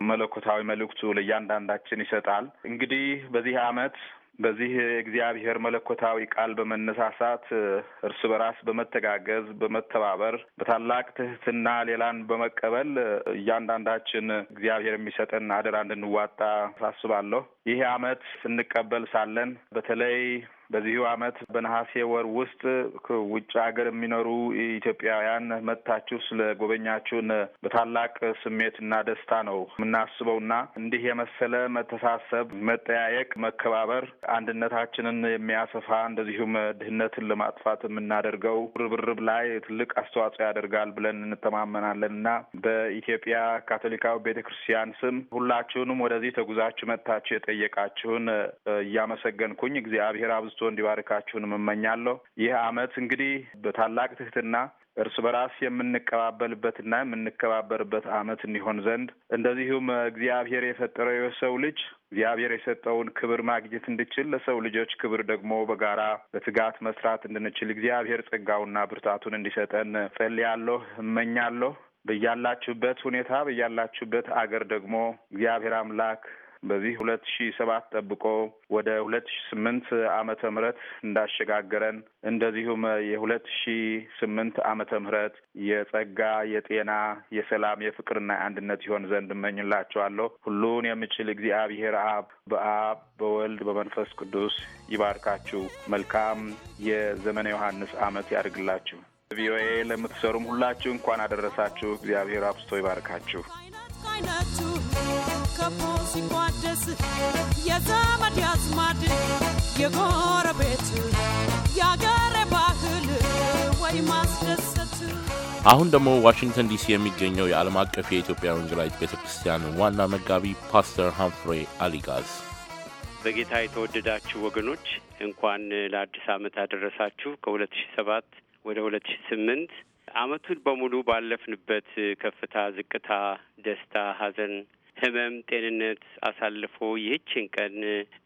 መለኮታዊ መልእክቱ ለእያንዳንዳችን ይሰጣል። እንግዲህ በዚህ ዓመት በዚህ የእግዚአብሔር መለኮታዊ ቃል በመነሳሳት እርስ በራስ በመተጋገዝ በመተባበር በታላቅ ትህትና ሌላን በመቀበል እያንዳንዳችን እግዚአብሔር የሚሰጠን አደራ እንድንዋጣ አሳስባለሁ። ይህ ዓመት ስንቀበል ሳለን በተለይ በዚሁ አመት በነሐሴ ወር ውስጥ ውጭ ሀገር የሚኖሩ ኢትዮጵያውያን መጥታችሁ ስለ ጎበኛችሁን በታላቅ ስሜትና ደስታ ነው የምናስበውና እንዲህ የመሰለ መተሳሰብ፣ መጠያየቅ፣ መከባበር አንድነታችንን የሚያሰፋ እንደዚሁም ድህነትን ለማጥፋት የምናደርገው ርብርብ ላይ ትልቅ አስተዋጽኦ ያደርጋል ብለን እንተማመናለን እና በኢትዮጵያ ካቶሊካዊ ቤተ ክርስቲያን ስም ሁላችሁንም ወደዚህ ተጉዛችሁ መጥታችሁ የጠየቃችሁን እያመሰገንኩኝ እግዚአብሔር አብዝቶ እንዲባርካችሁን እመኛለሁ። ይህ አመት እንግዲህ በታላቅ ትህትና እርስ በራስ የምንቀባበልበትና የምንከባበርበት አመት እንዲሆን ዘንድ እንደዚሁም እግዚአብሔር የፈጠረው የሰው ልጅ እግዚአብሔር የሰጠውን ክብር ማግኘት እንድችል ለሰው ልጆች ክብር ደግሞ በጋራ በትጋት መስራት እንድንችል እግዚአብሔር ጸጋውና ብርታቱን እንዲሰጠን ጸልያለሁ፣ እመኛለሁ። በያላችሁበት ሁኔታ በያላችሁበት አገር ደግሞ እግዚአብሔር አምላክ በዚህ ሁለት ሺ ሰባት ጠብቆ ወደ ሁለት ሺ ስምንት ዓመተ ምህረት እንዳሸጋገረን እንደዚሁም የሁለት ሺ ስምንት አመተ ምህረት የጸጋ የጤና የሰላም የፍቅርና የአንድነት ይሆን ዘንድ እመኝላቸዋለሁ። ሁሉን የምችል እግዚአብሔር አብ በአብ በወልድ በመንፈስ ቅዱስ ይባርካችሁ። መልካም የዘመነ ዮሐንስ አመት ያድርግላችሁ። ቪኦኤ ለምትሰሩም ሁላችሁ እንኳን አደረሳችሁ። እግዚአብሔር አብስቶ ይባርካችሁ። ተከቦ ሲቋደስ የዘመድ ያዝማድ የጎረቤት የአገር ባህል ወይ ማስደሰት። አሁን ደግሞ ዋሽንግተን ዲሲ የሚገኘው የዓለም አቀፍ የኢትዮጵያ ወንጌላዊት ቤተ ክርስቲያን ዋና መጋቢ ፓስተር ሃምፍሬ አሊጋዝ በጌታ የተወደዳችሁ ወገኖች እንኳን ለአዲስ ዓመት አደረሳችሁ። ከሁለት ሺ ሰባት ወደ ሁለት ሺ ስምንት አመቱን በሙሉ ባለፍንበት ከፍታ፣ ዝቅታ፣ ደስታ፣ ሐዘን ህመም፣ ጤንነት አሳልፎ ይህችን ቀን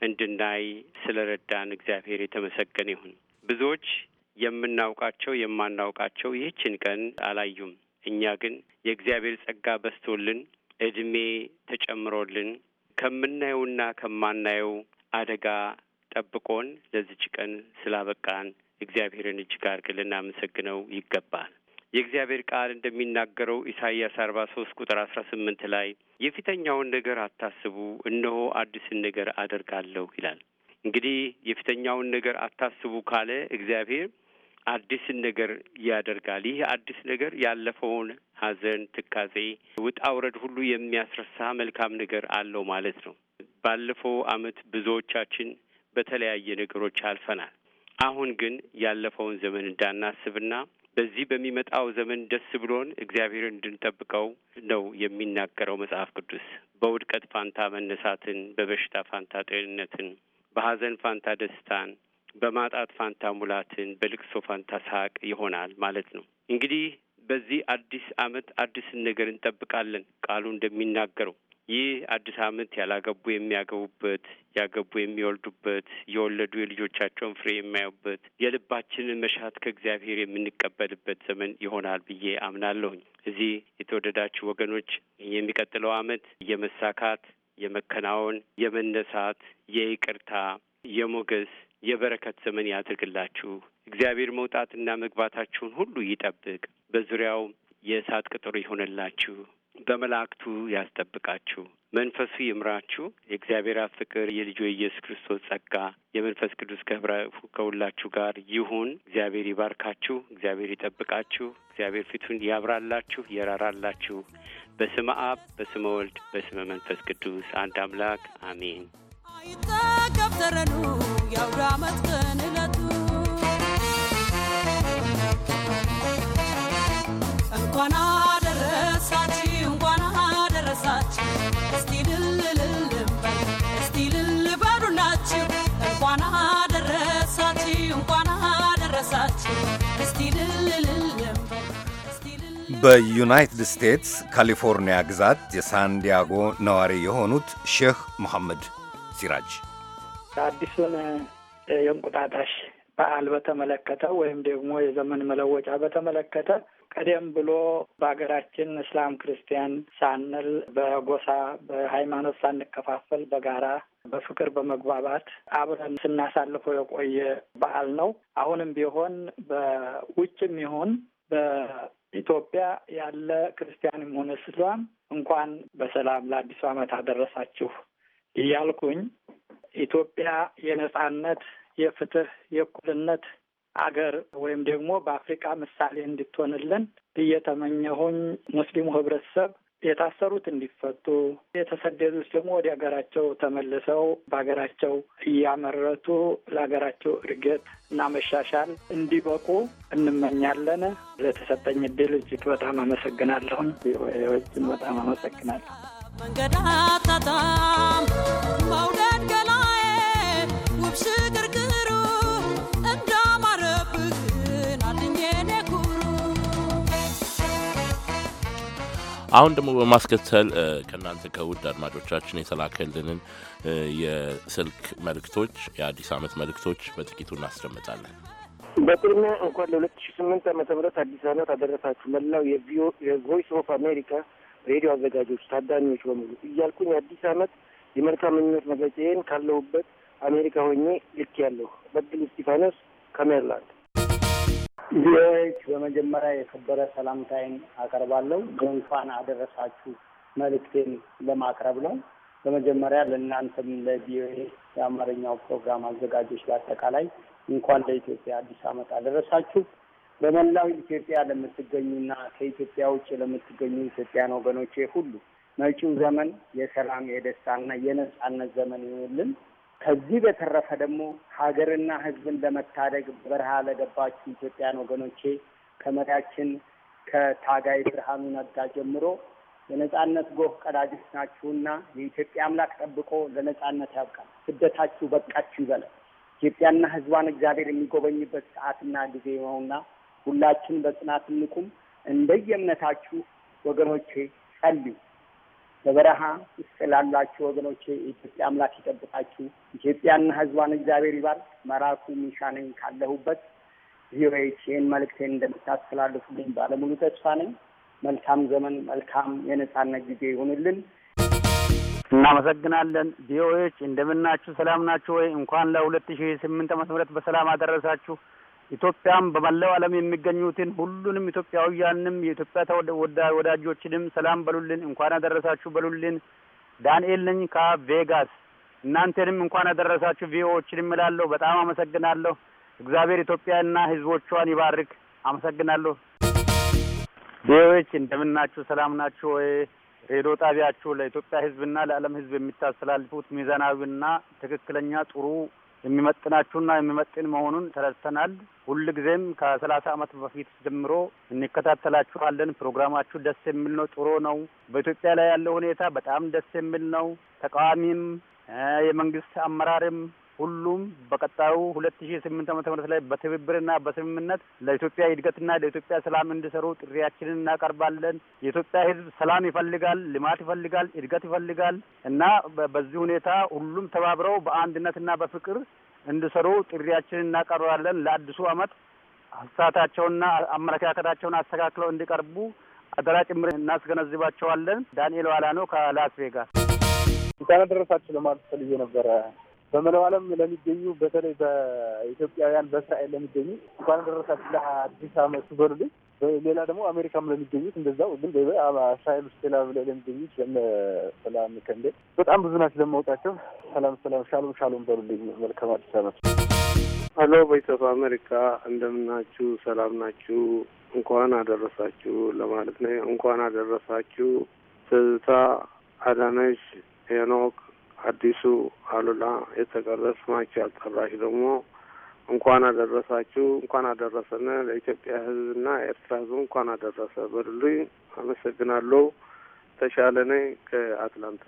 እንድናይ ስለረዳን እግዚአብሔር የተመሰገነ ይሁን። ብዙዎች የምናውቃቸው የማናውቃቸው ይህችን ቀን አላዩም። እኛ ግን የእግዚአብሔር ጸጋ በስቶልን እድሜ ተጨምሮልን ከምናየውና ከማናየው አደጋ ጠብቆን ለዚች ቀን ስላበቃን እግዚአብሔርን እጅግ አድርገን ልናመሰግነው ይገባል። የእግዚአብሔር ቃል እንደሚናገረው ኢሳይያስ አርባ ሶስት ቁጥር አስራ ስምንት ላይ የፊተኛውን ነገር አታስቡ፣ እነሆ አዲስን ነገር አደርጋለሁ ይላል። እንግዲህ የፊተኛውን ነገር አታስቡ ካለ እግዚአብሔር አዲስን ነገር ያደርጋል። ይህ አዲስ ነገር ያለፈውን ሐዘን፣ ትካዜ፣ ውጣ ውረድ ሁሉ የሚያስረሳ መልካም ነገር አለው ማለት ነው። ባለፈው ዓመት ብዙዎቻችን በተለያየ ነገሮች አልፈናል። አሁን ግን ያለፈውን ዘመን እንዳናስብና በዚህ በሚመጣው ዘመን ደስ ብሎን እግዚአብሔርን እንድንጠብቀው ነው የሚናገረው መጽሐፍ ቅዱስ። በውድቀት ፋንታ መነሳትን፣ በበሽታ ፋንታ ጤንነትን፣ በሀዘን ፋንታ ደስታን፣ በማጣት ፋንታ ሙላትን፣ በልቅሶ ፋንታ ሳቅ ይሆናል ማለት ነው። እንግዲህ በዚህ አዲስ ዓመት አዲስን ነገር እንጠብቃለን ቃሉ እንደሚናገረው ይህ አዲስ ዓመት ያላገቡ የሚያገቡበት፣ ያገቡ የሚወልዱበት፣ የወለዱ የልጆቻቸውን ፍሬ የማዩበት፣ የልባችንን መሻት ከእግዚአብሔር የምንቀበልበት ዘመን ይሆናል ብዬ አምናለሁኝ። እዚህ የተወደዳችሁ ወገኖች የሚቀጥለው ዓመት የመሳካት፣ የመከናወን፣ የመነሳት፣ የይቅርታ፣ የሞገስ፣ የበረከት ዘመን ያድርግላችሁ። እግዚአብሔር መውጣትና መግባታችሁን ሁሉ ይጠብቅ። በዙሪያው የእሳት ቅጥሩ ይሆንላችሁ። በመላእክቱ ያስጠብቃችሁ፣ መንፈሱ ይምራችሁ። የእግዚአብሔር አብ ፍቅር፣ የልጁ የኢየሱስ ክርስቶስ ጸጋ፣ የመንፈስ ቅዱስ ከህብረቱ ከሁላችሁ ጋር ይሁን። እግዚአብሔር ይባርካችሁ፣ እግዚአብሔር ይጠብቃችሁ፣ እግዚአብሔር ፊቱን ያብራላችሁ፣ ይራራላችሁ። በስመ አብ በስመ ወልድ በስመ መንፈስ ቅዱስ አንድ አምላክ አሜን። አይጠገብ ተረኑ የአውደ ዓመት ቀን እንኳን አደረሳችሁ በዩናይትድ ስቴትስ ካሊፎርኒያ ግዛት የሳንዲያጎ ነዋሪ የሆኑት ሼህ መሐመድ ሲራጅ አዲሱን የእንቁጣጣሽ በዓል በተመለከተ ወይም ደግሞ የዘመን መለወጫ በተመለከተ ቀደም ብሎ በሀገራችን እስላም ክርስቲያን ሳንል በጎሳ በሃይማኖት ሳንከፋፈል በጋራ በፍቅር በመግባባት አብረን ስናሳልፈው የቆየ በዓል ነው። አሁንም ቢሆን በውጭም ይሁን በኢትዮጵያ ያለ ክርስቲያንም ሆነ እስላም እንኳን በሰላም ለአዲሱ ዓመት አደረሳችሁ እያልኩኝ ኢትዮጵያ የነጻነት የፍትህ የእኩልነት አገር ወይም ደግሞ በአፍሪካ ምሳሌ እንድትሆንልን እየተመኘሁኝ ሙስሊሙ ህብረተሰብ የታሰሩት እንዲፈቱ የተሰደዱት ደግሞ ወደ ሀገራቸው ተመልሰው በሀገራቸው እያመረቱ ለሀገራቸው እድገት እና መሻሻል እንዲበቁ እንመኛለን። ለተሰጠኝ እድል እጅግ በጣም አመሰግናለሁኝ። ቪኦኤዎችን በጣም አመሰግናለሁ። አሁን ደግሞ በማስከተል ከእናንተ ከውድ አድማጮቻችን የተላከልንን የስልክ መልእክቶች፣ የአዲስ ዓመት መልእክቶች በጥቂቱ እናስደምጣለን። በቅድሚያ እንኳን ለሁለት ሺ ስምንት ዓመተ ምህረት አዲስ ዓመት አደረሳችሁ መላው የቮይስ ኦፍ አሜሪካ ሬዲዮ አዘጋጆች፣ ታዳሚዎች በሙሉ እያልኩኝ አዲስ ዓመት የመልካም ምኞት መግለጫዬን ካለሁበት አሜሪካ ሆኜ ልክ ያለሁ በድል እስጢፋኖስ ከሜርላንድ ቪኦኤዎች በመጀመሪያ የከበረ ሰላምታይን አቀርባለሁ። እንኳን አደረሳችሁ መልእክቴን ለማቅረብ ነው። በመጀመሪያ ለእናንተም ለቪኦኤ የአማርኛው ፕሮግራም አዘጋጆች በአጠቃላይ እንኳን ለኢትዮጵያ አዲስ ዓመት አደረሳችሁ። በመላው ኢትዮጵያ ለምትገኙና ከኢትዮጵያ ውጭ ለምትገኙ ኢትዮጵያን ወገኖቼ ሁሉ መጪው ዘመን የሰላም የደስታና የነጻነት ዘመን ይሆንልን። ከዚህ በተረፈ ደግሞ ሀገርና ሕዝብን ለመታደግ በረሃ ለገባችሁ ኢትዮጵያን ወገኖቼ ከመሪያችን ከታጋይ ብርሃኑ ነጋ ጀምሮ የነጻነት ጎህ ቀዳጆች ናችሁና የኢትዮጵያ አምላክ ጠብቆ ለነጻነት ያብቃል። ስደታችሁ በቃችሁ ይበላል። ኢትዮጵያና ሕዝቧን እግዚአብሔር የሚጎበኝበት ሰዓትና ጊዜ ነውና ሁላችን በጽናት እንቁም። እንደየእምነታችሁ ወገኖቼ ጸልዩ። በበረሃ ውስጥ ላላችሁ ወገኖች የኢትዮጵያ አምላክ ይጠብቃችሁ። ኢትዮጵያና ሕዝቧን እግዚአብሔር ይባል። መራኩ ሚሻ ነኝ ካለሁበት ቪኦኤች ይህን መልእክቴን እንደምታስተላልፉልኝ ባለሙሉ ተስፋ ነኝ። መልካም ዘመን፣ መልካም የነጻነት ጊዜ ይሆንልን። እናመሰግናለን። ቪኦኤች እንደምናችሁ፣ ሰላም ናችሁ ወይ? እንኳን ለሁለት ሺህ ስምንት ዓመተ ምህረት በሰላም አደረሳችሁ። ኢትዮጵያም በመላው ዓለም የሚገኙትን ሁሉንም ኢትዮጵያውያንም የኢትዮጵያ ወዳጆችንም ሰላም በሉልን፣ እንኳን አደረሳችሁ በሉልን። ዳንኤል ነኝ ከቬጋስ። እናንተንም እንኳን አደረሳችሁ ቪኦዎችን እምላለሁ። በጣም አመሰግናለሁ። እግዚአብሔር ኢትዮጵያና ሕዝቦቿን ይባርክ። አመሰግናለሁ። ቪኦዎች እንደምናችሁ፣ ሰላም ናችሁ ወይ? ሬዲዮ ጣቢያችሁ ለኢትዮጵያ ሕዝብና ለዓለም ሕዝብ የሚታስተላልፉት ሚዛናዊና ትክክለኛ ጥሩ የሚመጥናችሁና የሚመጥን መሆኑን ተረድተናል። ሁሉ ጊዜም ከሰላሳ ዓመት በፊት ጀምሮ እንከታተላችኋለን። ፕሮግራማችሁ ደስ የሚል ነው፣ ጥሩ ነው። በኢትዮጵያ ላይ ያለው ሁኔታ በጣም ደስ የሚል ነው። ተቃዋሚም የመንግስት አመራርም ሁሉም በቀጣዩ ሁለት ሺ ስምንት ዓመተ ምህረት ላይ በትብብርና በስምምነት ለኢትዮጵያ እድገትና ለኢትዮጵያ ሰላም እንዲሰሩ ጥሪያችንን እናቀርባለን። የኢትዮጵያ ሕዝብ ሰላም ይፈልጋል፣ ልማት ይፈልጋል፣ እድገት ይፈልጋል እና በዚህ ሁኔታ ሁሉም ተባብረው በአንድነትና በፍቅር እንዲሰሩ ጥሪያችንን እናቀርባለን። ለአዲሱ ዓመት ሀሳታቸውና አመለካከታቸውን አስተካክለው እንዲቀርቡ አደራ ጭምር እናስገነዝባቸዋለን። ዳንኤል ዋላኖ ከላስ ቬጋስ እንኳን አደረሳችሁ ለማለት ፈልጌ ነበረ። በመላው ዓለም ለሚገኙ በተለይ በኢትዮጵያውያን በእስራኤል ለሚገኙ እንኳን ደረሳችሁ ለአዲስ ዓመት በሉልኝ። ሌላ ደግሞ አሜሪካም ለሚገኙት እንደዛው፣ ግን እስራኤል ውስጥ ሌላ ላይ ለሚገኙት ሰላም ከንዴ በጣም ብዙ ናቸው ለማውጣቸው። ሰላም ሰላም፣ ሻሎም ሻሎም በሉልኝ። መልካም አዲስ ዓመት። ሀሎ ቮይስ ኦፍ አሜሪካ እንደምናችሁ፣ ሰላም ናችሁ? እንኳን አደረሳችሁ ለማለት ነው። እንኳን አደረሳችሁ። ትዝታ አዳነሽ ሄኖክ አዲሱ አሉላ የተቀረ ስማቸው ያልጠራሽ ደግሞ እንኳን አደረሳችሁ እንኳን አደረሰነ ለኢትዮጵያ ህዝብና ኤርትራ ህዝብ እንኳን አደረሰ በድሉይ አመሰግናለሁ። ተሻለ ነኝ ከአትላንታ።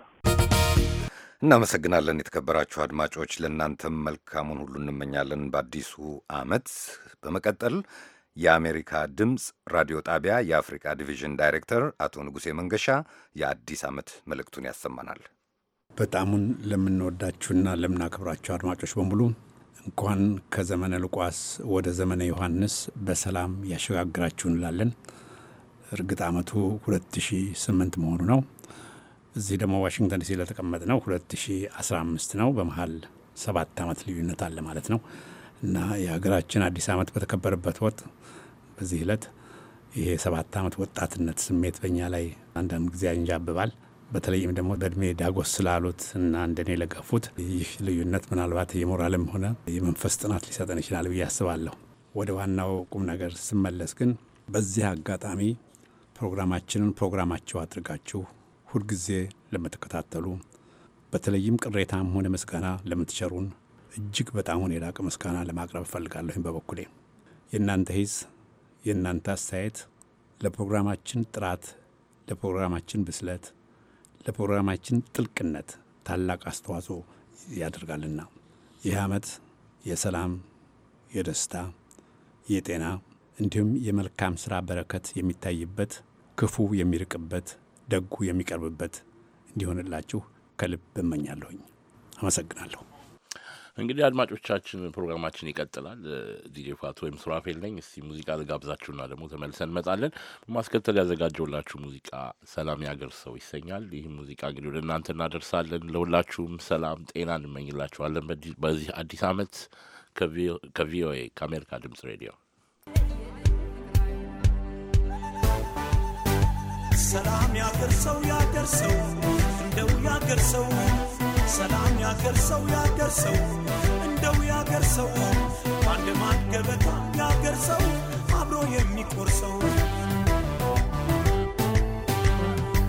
እናመሰግናለን። የተከበራችሁ አድማጮች ለእናንተም መልካሙን ሁሉ እንመኛለን በአዲሱ አመት በመቀጠል የአሜሪካ ድምፅ ራዲዮ ጣቢያ የአፍሪካ ዲቪዥን ዳይሬክተር አቶ ንጉሴ መንገሻ የአዲስ ዓመት መልእክቱን ያሰማናል። በጣሙን ለምንወዳችሁና ለምናከብራችሁ አድማጮች በሙሉ እንኳን ከዘመነ ልቋስ ወደ ዘመነ ዮሐንስ በሰላም ያሸጋግራችሁ እንላለን። እርግጥ ዓመቱ 2008 መሆኑ ነው። እዚህ ደግሞ ዋሽንግተን ዲሲ ለተቀመጥ ነው 2015 ነው። በመሀል ሰባት ዓመት ልዩነት አለ ማለት ነው እና የሀገራችን አዲስ ዓመት በተከበረበት ወቅት በዚህ ዕለት ይሄ ሰባት ዓመት ወጣትነት ስሜት በኛ ላይ አንዳንድ ጊዜ ያንዣብባል። በተለይም ደግሞ በእድሜ ዳጎስ ስላሉት እና እንደኔ ለገፉት ይህ ልዩነት ምናልባት የሞራልም ሆነ የመንፈስ ጥናት ሊሰጠን ይችላል ብዬ አስባለሁ። ወደ ዋናው ቁም ነገር ስመለስ ግን በዚህ አጋጣሚ ፕሮግራማችንን ፕሮግራማቸው አድርጋችሁ ሁልጊዜ ለምትከታተሉ በተለይም ቅሬታም ሆነ ምስጋና ለምትቸሩን እጅግ በጣም ሁን የላቀ ምስጋና ለማቅረብ እፈልጋለሁኝ በበኩሌ የእናንተ ሂስ የእናንተ አስተያየት ለፕሮግራማችን ጥራት ለፕሮግራማችን ብስለት ለፕሮግራማችን ጥልቅነት ታላቅ አስተዋጽኦ ያደርጋልና ይህ ዓመት የሰላም፣ የደስታ፣ የጤና እንዲሁም የመልካም ስራ በረከት የሚታይበት፣ ክፉ የሚርቅበት፣ ደጉ የሚቀርብበት እንዲሆንላችሁ ከልብ እመኛለሁኝ። አመሰግናለሁ። እንግዲህ አድማጮቻችን፣ ፕሮግራማችን ይቀጥላል። ዲጄ ፋቱ ወይም ሱራፌል ነኝ። እስቲ ሙዚቃ ልጋብዛችሁና ደግሞ ተመልሰን እንመጣለን። በማስከተል ያዘጋጀውላችሁ ሙዚቃ ሰላም ያገር ሰው ይሰኛል። ይህ ሙዚቃ እንግዲህ ወደ እናንተ እናደርሳለን። ለሁላችሁም ሰላም ጤና እንመኝላችኋለን በዚህ አዲስ ዓመት ከቪኦኤ ከአሜሪካ ድምፅ ሬዲዮ ሰላም ያገር ሰው ያገር ሰው እንደው ያገር ሰው ሰላም ያገር ያገርሰው ያገርሰው እንደው ያገርሰው በአንድ ማዕድ ገበታ ያገርሰው አብሮ የሚቆርሰው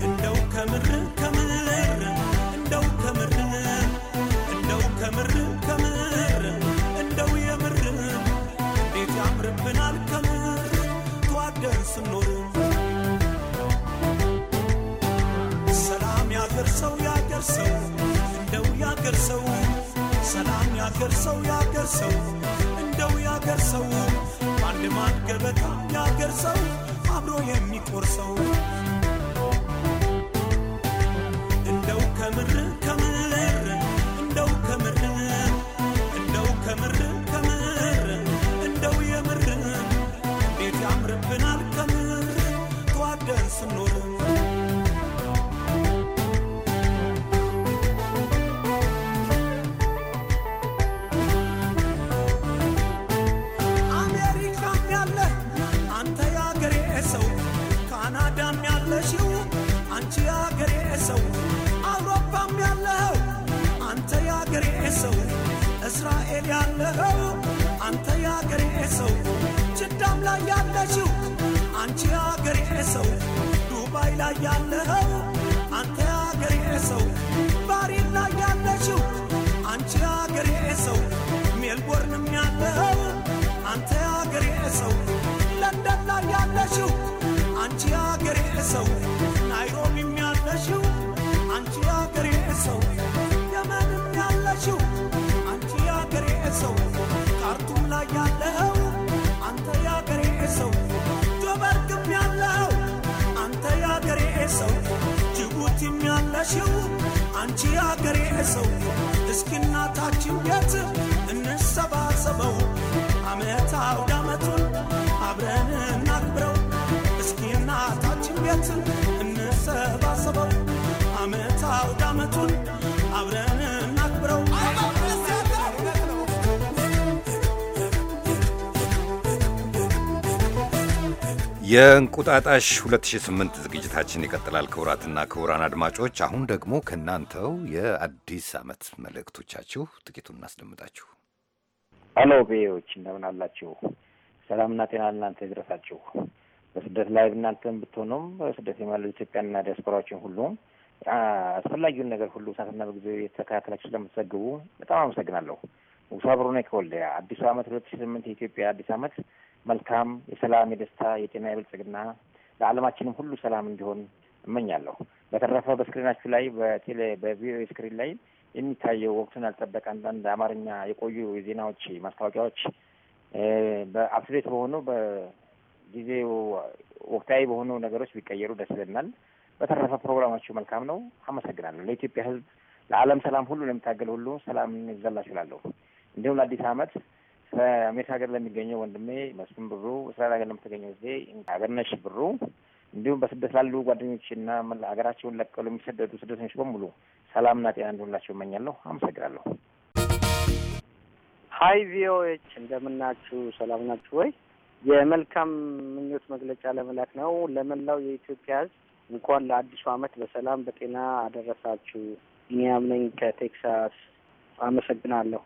እንደው ከምር ከምር እንደው ከምር እንደው ከምር ከምር እንደው የምር እንዴት ያምርብናል ከምር ተዋደን ስኖር ሰላም ያገርሰው ያገርሰው እንደው ያገር ሰው ሰላም ያገር ሰው ያገር ሰው እንደው ያገር ሰው በአንድ ማድ ገበታ ያገር ሰው አብሮ የሚቆርሰው እንደው ከምር ከምር እንደው ከምር እንደው ከምር ከምር እንደው የምር እንዴት ያምርብናል ከምር ተዋደን ስንኖር ካናዳም ያለሽው አንቺ ያገሬ ሰው፣ አውሮፓም ያለው አንተ ያገሬ ሰው፣ እስራኤል ያለው አንተ ያገሬ ሰው፣ ጅዳም ላይ ያለሽው አንቺ ያገሬ ሰው፣ ዱባይ ላይ ያለው አንተ ያገሬ ሰው፣ ባሪን ላይ ያለሽው አንቺ ያገሬ ሰው፣ ሜልቦርንም ያለው አንተ ያገሬ ሰው፣ ለንደን ላይ ያለሽው አንቺ አገሬ ሰው ናይሮቢ ያለሽው አንቺ አገሬ ሰው የመንም ያለሽው አንቺ አገሬ ሰው ካርቱም ላይ ያለኸው አንተ ያገሬ ሰው ጆበርግም ያለኸው አንተ ያገሬ ሰው ጅቡቲም ያለሽው አንቺ አገሬ ሰው እስኪ እናታችን ቤት እንሰባሰበው አመት አውዳመቱን አብረን እናክብረው አብያትን እንሰባሰበው አመት አውድ አመቱን አብረን እናክብረው። የእንቁጣጣሽ 2008 ዝግጅታችን ይቀጥላል። ክቡራትና ክቡራን አድማጮች አሁን ደግሞ ከእናንተው የአዲስ ዓመት መልእክቶቻችሁ ጥቂቱን እናስደምጣችሁ። አሎ ቤዎች እንደምን አላችሁ? ሰላምና ጤና ለናንተ ይድረሳችሁ። በስደት ላይ እናንተም ብትሆኑም ስደት የማለ ኢትዮጵያና ዲያስፖራዎችን ሁሉ አስፈላጊውን ነገር ሁሉ ሰዓትና በጊዜ የተከታተላችሁ ስለምትዘግቡ በጣም አመሰግናለሁ። ውሳ አብሮ ነኝ ከወልዲያ። አዲሱ አመት ሁለት ሺ ስምንት የኢትዮጵያ አዲስ ዓመት መልካም፣ የሰላም፣ የደስታ፣ የጤና፣ የብልጽግና ለዓለማችንም ሁሉ ሰላም እንዲሆን እመኛለሁ። በተረፈ በስክሪናችሁ ላይ በቴሌ በቪኦኤ ስክሪን ላይ የሚታየው ወቅቱን ያልጠበቀ አንዳንድ አማርኛ የቆዩ የዜናዎች ማስታወቂያዎች በአፕዴት በሆኑ ጊዜው ወቅታዊ በሆኑ ነገሮች ቢቀየሩ ደስ ይለናል። በተረፈ ፕሮግራማችሁ መልካም ነው። አመሰግናለሁ። ለኢትዮጵያ ሕዝብ ለዓለም ሰላም ሁሉ ለሚታገል ሁሉ ሰላም ይብዛላችሁ እላለሁ። እንዲሁም ለአዲስ ዓመት በአሜሪካ ሀገር ለሚገኘው ወንድሜ መስፍን ብሩ፣ እስራኤል ሀገር ለምትገኘው ዜ ሀገርነሽ ብሩ እንዲሁም በስደት ላሉ ጓደኞችና ሀገራቸውን ለቀው የሚሰደዱ ስደተኞች በሙሉ ሰላምና ጤና እንዲሆንላቸው እመኛለሁ። አመሰግናለሁ። ሀይ ቪኦኤች እንደምናችሁ፣ ሰላም ናችሁ ወይ? የመልካም ምኞት መግለጫ ለመላክ ነው። ለመላው የኢትዮጵያ ሕዝብ እንኳን ለአዲሱ ዓመት በሰላም በጤና አደረሳችሁ። ቢኒያም ነኝ ከቴክሳስ አመሰግናለሁ።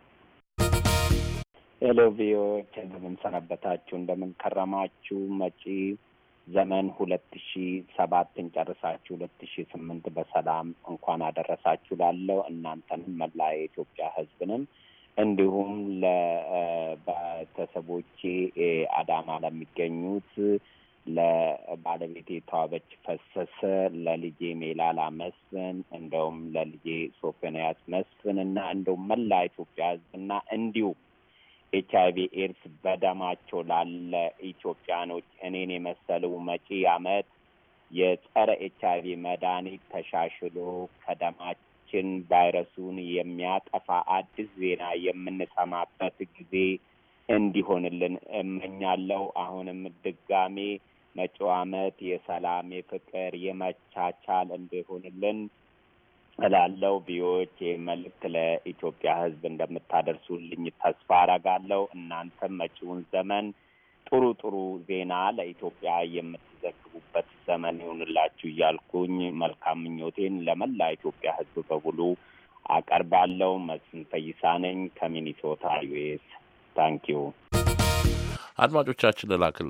ሄሎ ቪዮች እንደምን ሰነበታችሁ? እንደምን ከረማችሁ? መጪ ዘመን ሁለት ሺ ሰባትን ጨርሳችሁ ሁለት ሺ ስምንት በሰላም እንኳን አደረሳችሁ ላለው እናንተንም መላ የኢትዮጵያ ሕዝብንም እንዲሁም ለቤተሰቦቼ አዳማ ለሚገኙት ለባለቤቴ ተዋበች ፈሰሰ፣ ለልጄ ሜላላ መስፍን፣ እንደውም ለልጄ ሶፎንያስ መስፍን እና እንደውም መላ ኢትዮጵያ ሕዝብና እንዲሁም ኤች አይ ቪ ኤድስ በደማቸው ላለ ኢትዮጵያኖች እኔን የመሰሉ መጪ ዓመት የጸረ ኤች አይ ቪ መድኃኒት ተሻሽሎ ከደማቸው ሀገራችን ቫይረሱን የሚያጠፋ አዲስ ዜና የምንሰማበት ጊዜ እንዲሆንልን እመኛለሁ። አሁንም ድጋሜ መጪው ዓመት የሰላም፣ የፍቅር፣ የመቻቻል እንዲሆንልን እላለሁ። ቪዎች መልእክት ለኢትዮጵያ ሕዝብ እንደምታደርሱልኝ ተስፋ አረጋለሁ። እናንተም መጪውን ዘመን ጥሩ ጥሩ ዜና ለኢትዮጵያ የምትዘግቡ የምንኖርበት ዘመን ይሁንላችሁ እያልኩኝ መልካም ምኞቴን ለመላ ኢትዮጵያ ሕዝብ በሙሉ አቀርባለሁ። መስፍን ፈይሳ ነኝ ከሚኒሶታ ዩኤስ። ታንኪዩ አድማጮቻችን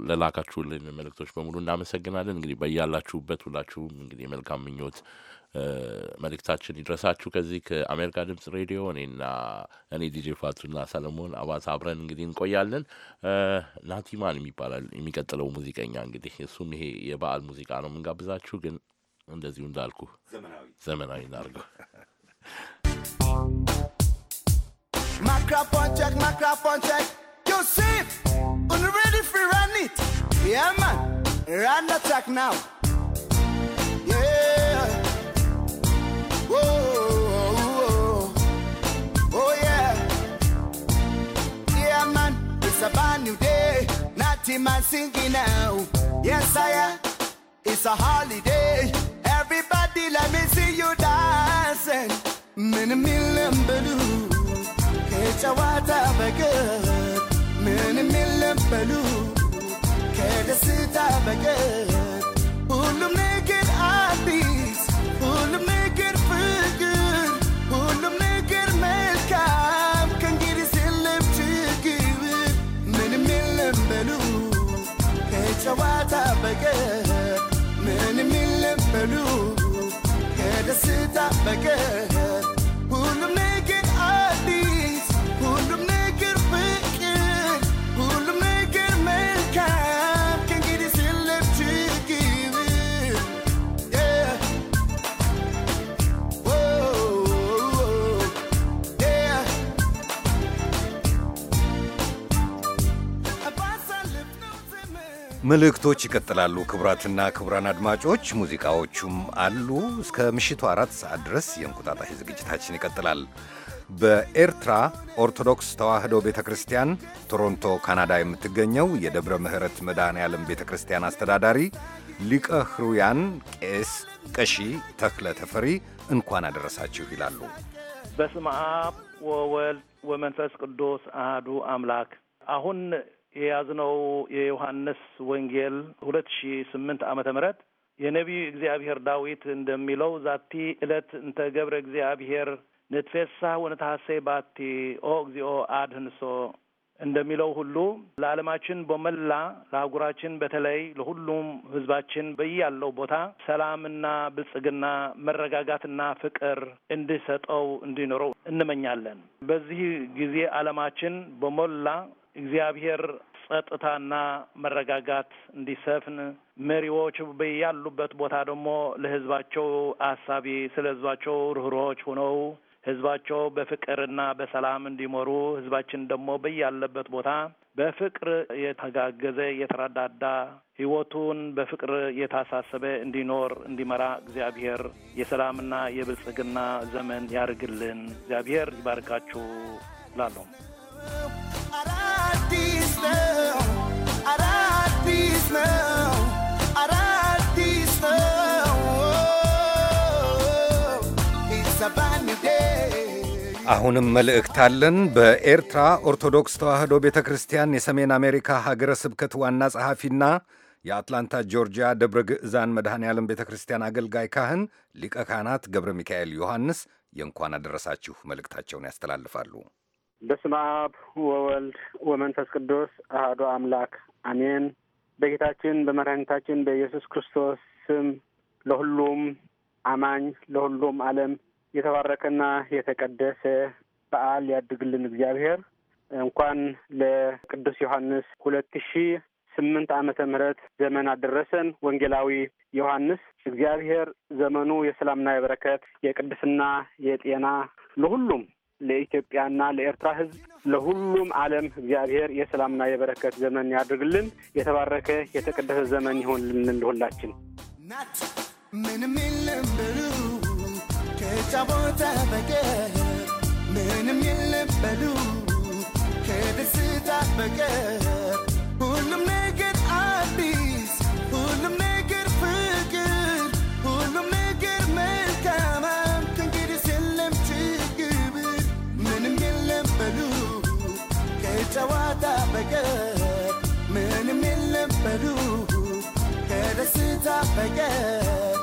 ለላካችሁልን መልእክቶች በሙሉ እናመሰግናለን። እንግዲህ በያላችሁበት ሁላችሁም እንግዲህ የመልካም ምኞት መልእክታችን ይድረሳችሁ። ከዚህ ከአሜሪካ ድምጽ ሬዲዮ እኔና እኔ ዲጄ ፋቱና ሰለሞን አባት አብረን እንግዲህ እንቆያለን። ናቲማን የሚባላል የሚቀጥለው ሙዚቀኛ እንግዲህ እሱም ይሄ የበዓል ሙዚቃ ነው የምንጋብዛችሁ። ግን እንደዚሁ እንዳልኩ ዘመናዊ እናርገው። Microphone check, microphone check. You see, unready for run it. Yeah, man, run the track now. a brand new day. Nothing man singing now. Yes, I am. It's a holiday. Everybody, let me see you dancing. Mini million balloon. Catch a water baguette. Mini million balloon. Catch a sit up baguette. Who'll make it happy? ጨዋታ በቀር ምንም ይለመዱ ከደስታ በቀር መልእክቶች ይቀጥላሉ። ክቡራትና ክቡራን አድማጮች ሙዚቃዎቹም አሉ። እስከ ምሽቱ አራት ሰዓት ድረስ የእንቁጣጣሽ ዝግጅታችን ይቀጥላል። በኤርትራ ኦርቶዶክስ ተዋሕዶ ቤተ ክርስቲያን ቶሮንቶ ካናዳ የምትገኘው የደብረ ምሕረት መድኃኔ ዓለም ቤተ ክርስቲያን አስተዳዳሪ ሊቀ ሕሩያን ቄስ ቀሺ ተክለ ተፈሪ እንኳን አደረሳችሁ ይላሉ። በስመ አብ ወወልድ ወመንፈስ ቅዱስ አህዱ አምላክ አሁን የያዝነው የዮሐንስ ወንጌል ሁለት ሺ ስምንት ዓመተ ምህረት የነቢዩ እግዚአብሔር ዳዊት እንደሚለው ዛቲ ዕለት እንተ ገብረ እግዚአብሔር ንትፌሳ ወንትሐሴ ባቲ ኦ እግዚኦ አድህንሶ እንደሚለው ሁሉ ለዓለማችን በመላ ለአህጉራችን በተለይ ለሁሉም ሕዝባችን በያለው ቦታ ሰላምና ብልጽግና መረጋጋትና ፍቅር እንዲሰጠው እንዲኖረው እንመኛለን። በዚህ ጊዜ ዓለማችን በሞላ እግዚአብሔር ጸጥታና መረጋጋት እንዲሰፍን መሪዎች ያሉበት ቦታ ደግሞ ለህዝባቸው አሳቢ ስለ ህዝባቸው ርኅሩኆች ሆነው ህዝባቸው በፍቅርና በሰላም እንዲመሩ ህዝባችን ደግሞ በያለበት ቦታ በፍቅር የተጋገዘ የተረዳዳ ህይወቱን በፍቅር የታሳሰበ እንዲኖር እንዲመራ እግዚአብሔር የሰላምና የብልጽግና ዘመን ያርግልን። እግዚአብሔር ይባርካችሁ ላለሁ አሁንም መልእክት አለን። በኤርትራ ኦርቶዶክስ ተዋሕዶ ቤተ ክርስቲያን የሰሜን አሜሪካ ሀገረ ስብከት ዋና ጸሐፊና የአትላንታ ጆርጂያ ደብረ ግዕዛን መድኃኔ ዓለም ቤተ ክርስቲያን አገልጋይ ካህን ሊቀ ካህናት ገብረ ሚካኤል ዮሐንስ የእንኳን አደረሳችሁ መልእክታቸውን ያስተላልፋሉ። በስመ አብ ወወልድ ወመንፈስ ቅዱስ አህዶ አምላክ አሜን። በጌታችን በመድኃኒታችን በኢየሱስ ክርስቶስ ስም ለሁሉም አማኝ ለሁሉም ዓለም የተባረከና የተቀደሰ በዓል ያድግልን። እግዚአብሔር እንኳን ለቅዱስ ዮሐንስ ሁለት ሺ ስምንት ዓመተ ምህረት ዘመን አደረሰን። ወንጌላዊ ዮሐንስ እግዚአብሔር ዘመኑ የሰላምና የበረከት የቅድስና የጤና ለሁሉም ለኢትዮጵያና ለኤርትራ ህዝብ ለሁሉም ዓለም እግዚአብሔር የሰላምና የበረከት ዘመን ያድርግልን። የተባረከ የተቀደሰ ዘመን ይሆንልን እንደሁላችን ምንም የለም በሉ ከጫ ቦታ በቀር ምንም የለም በሉ ከደስታ በቀር ሁሉም ነገር አዲስ ከደስታ በቀር ምንም የለም በሉ ከደስታ በቀር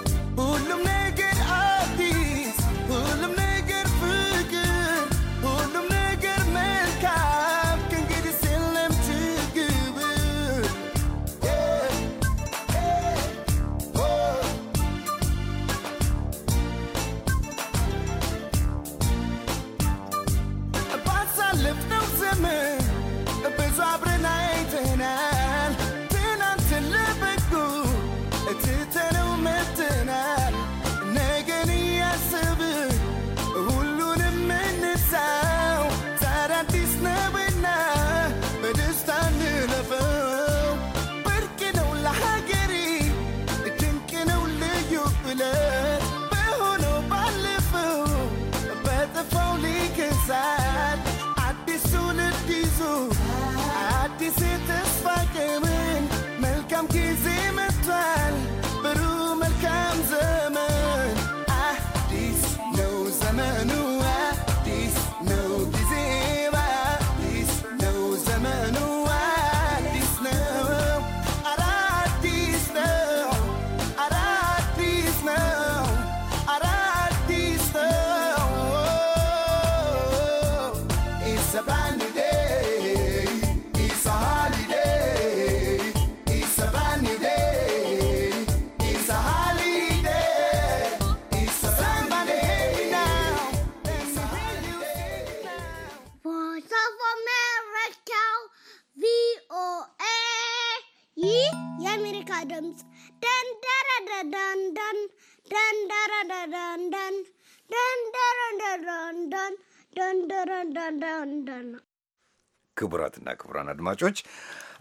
ክቡራትና ክቡራን አድማጮች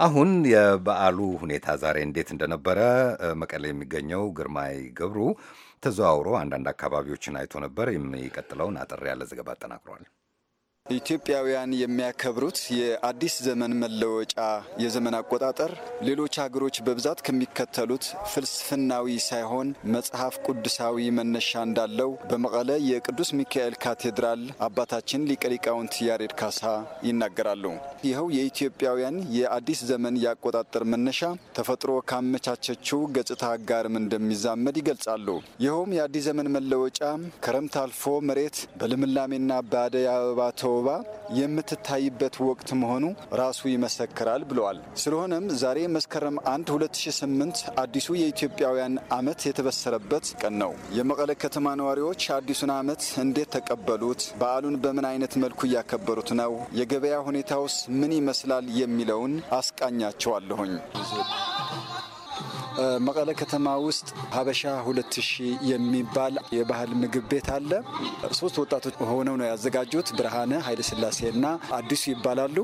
አሁን የበዓሉ ሁኔታ ዛሬ እንዴት እንደነበረ መቀሌ የሚገኘው ግርማይ ገብሩ ተዘዋውሮ አንዳንድ አካባቢዎችን አይቶ ነበር። የሚቀጥለውን አጠር ያለ ዘገባ አጠናቅሯል። ኢትዮጵያውያን የሚያከብሩት የአዲስ ዘመን መለወጫ የዘመን አቆጣጠር ሌሎች ሀገሮች በብዛት ከሚከተሉት ፍልስፍናዊ ሳይሆን መጽሐፍ ቅዱሳዊ መነሻ እንዳለው በመቀለ የቅዱስ ሚካኤል ካቴድራል አባታችን ሊቀ ሊቃውንት ያሬድ ካሳ ይናገራሉ። ይኸው የኢትዮጵያውያን የአዲስ ዘመን የአቆጣጠር መነሻ ተፈጥሮ ካመቻቸችው ገጽታ ጋርም እንደሚዛመድ ይገልጻሉ። ይኸውም የአዲስ ዘመን መለወጫ ክረምት አልፎ መሬት በልምላሜና በአደይ አበባ ወባ የምትታይበት ወቅት መሆኑ ራሱ ይመሰክራል ብለዋል። ስለሆነም ዛሬ መስከረም 1 2008 አዲሱ የኢትዮጵያውያን ዓመት የተበሰረበት ቀን ነው። የመቀለ ከተማ ነዋሪዎች አዲሱን ዓመት እንዴት ተቀበሉት? በዓሉን በምን አይነት መልኩ እያከበሩት ነው? የገበያ ሁኔታውስ ምን ይመስላል? የሚለውን አስቃኛቸዋለሁኝ። መቀለ ከተማ ውስጥ ሀበሻ ሁለት ሺህ የሚባል የባህል ምግብ ቤት አለ። ሶስት ወጣቶች ሆነው ነው ያዘጋጁት። ብርሃነ እና አዲሱ ይባላሉ።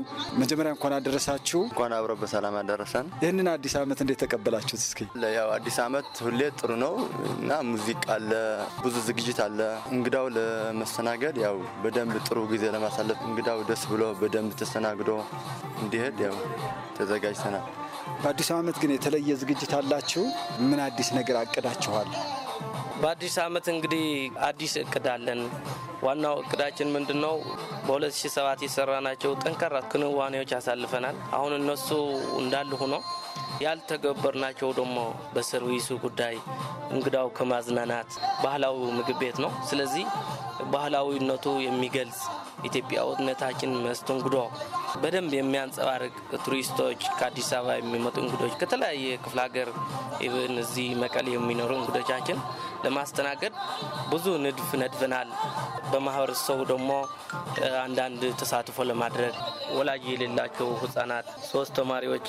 መጀመሪያ እንኳን አደረሳችሁ። እንኳን አብረ በሰላም አደረሰን። ይህንን አዲስ ዓመት እንዴት ተቀበላችሁት? እስኪ ያው አዲስ አመት ሁሌ ጥሩ ነው እና ሙዚቃ አለ፣ ብዙ ዝግጅት አለ። እንግዳው ለመስተናገድ ያው በደንብ ጥሩ ጊዜ ለማሳለፍ እንግዳው ደስ ብሎ በደንብ ተስተናግዶ እንዲሄድ ያው ተዘጋጅተናል። በአዲሱ ዓመት ግን የተለየ ዝግጅት አላችሁ? ምን አዲስ ነገር አቅዳችኋል? በአዲስ ዓመት እንግዲህ አዲስ እቅድ አለን። ዋናው እቅዳችን ምንድን ነው? በ2007 የሰራናቸው ጠንካራ ክንዋኔዎች አሳልፈናል። አሁን እነሱ እንዳሉ ሆኖ ያልተገበርናቸው ደግሞ በሰርቪሱ ጉዳይ እንግዳው ከማዝናናት ባህላዊ ምግብ ቤት ነው። ስለዚህ ባህላዊነቱ የሚገልጽ ኢትዮጵያዊነታችን መስተንግዶ በደንብ የሚያንጸባርቅ ቱሪስቶች፣ ከአዲስ አበባ የሚመጡ እንግዶች፣ ከተለያየ ክፍለ ሀገር ኢቨን እዚህ መቀሌ የሚኖሩ እንግዶቻችን ለማስተናገድ ብዙ ንድፍ ነድፈናል። በማህበረሰቡ ደግሞ አንዳንድ ተሳትፎ ለማድረግ ወላጅ የሌላቸው ህጻናት ሶስት ተማሪዎች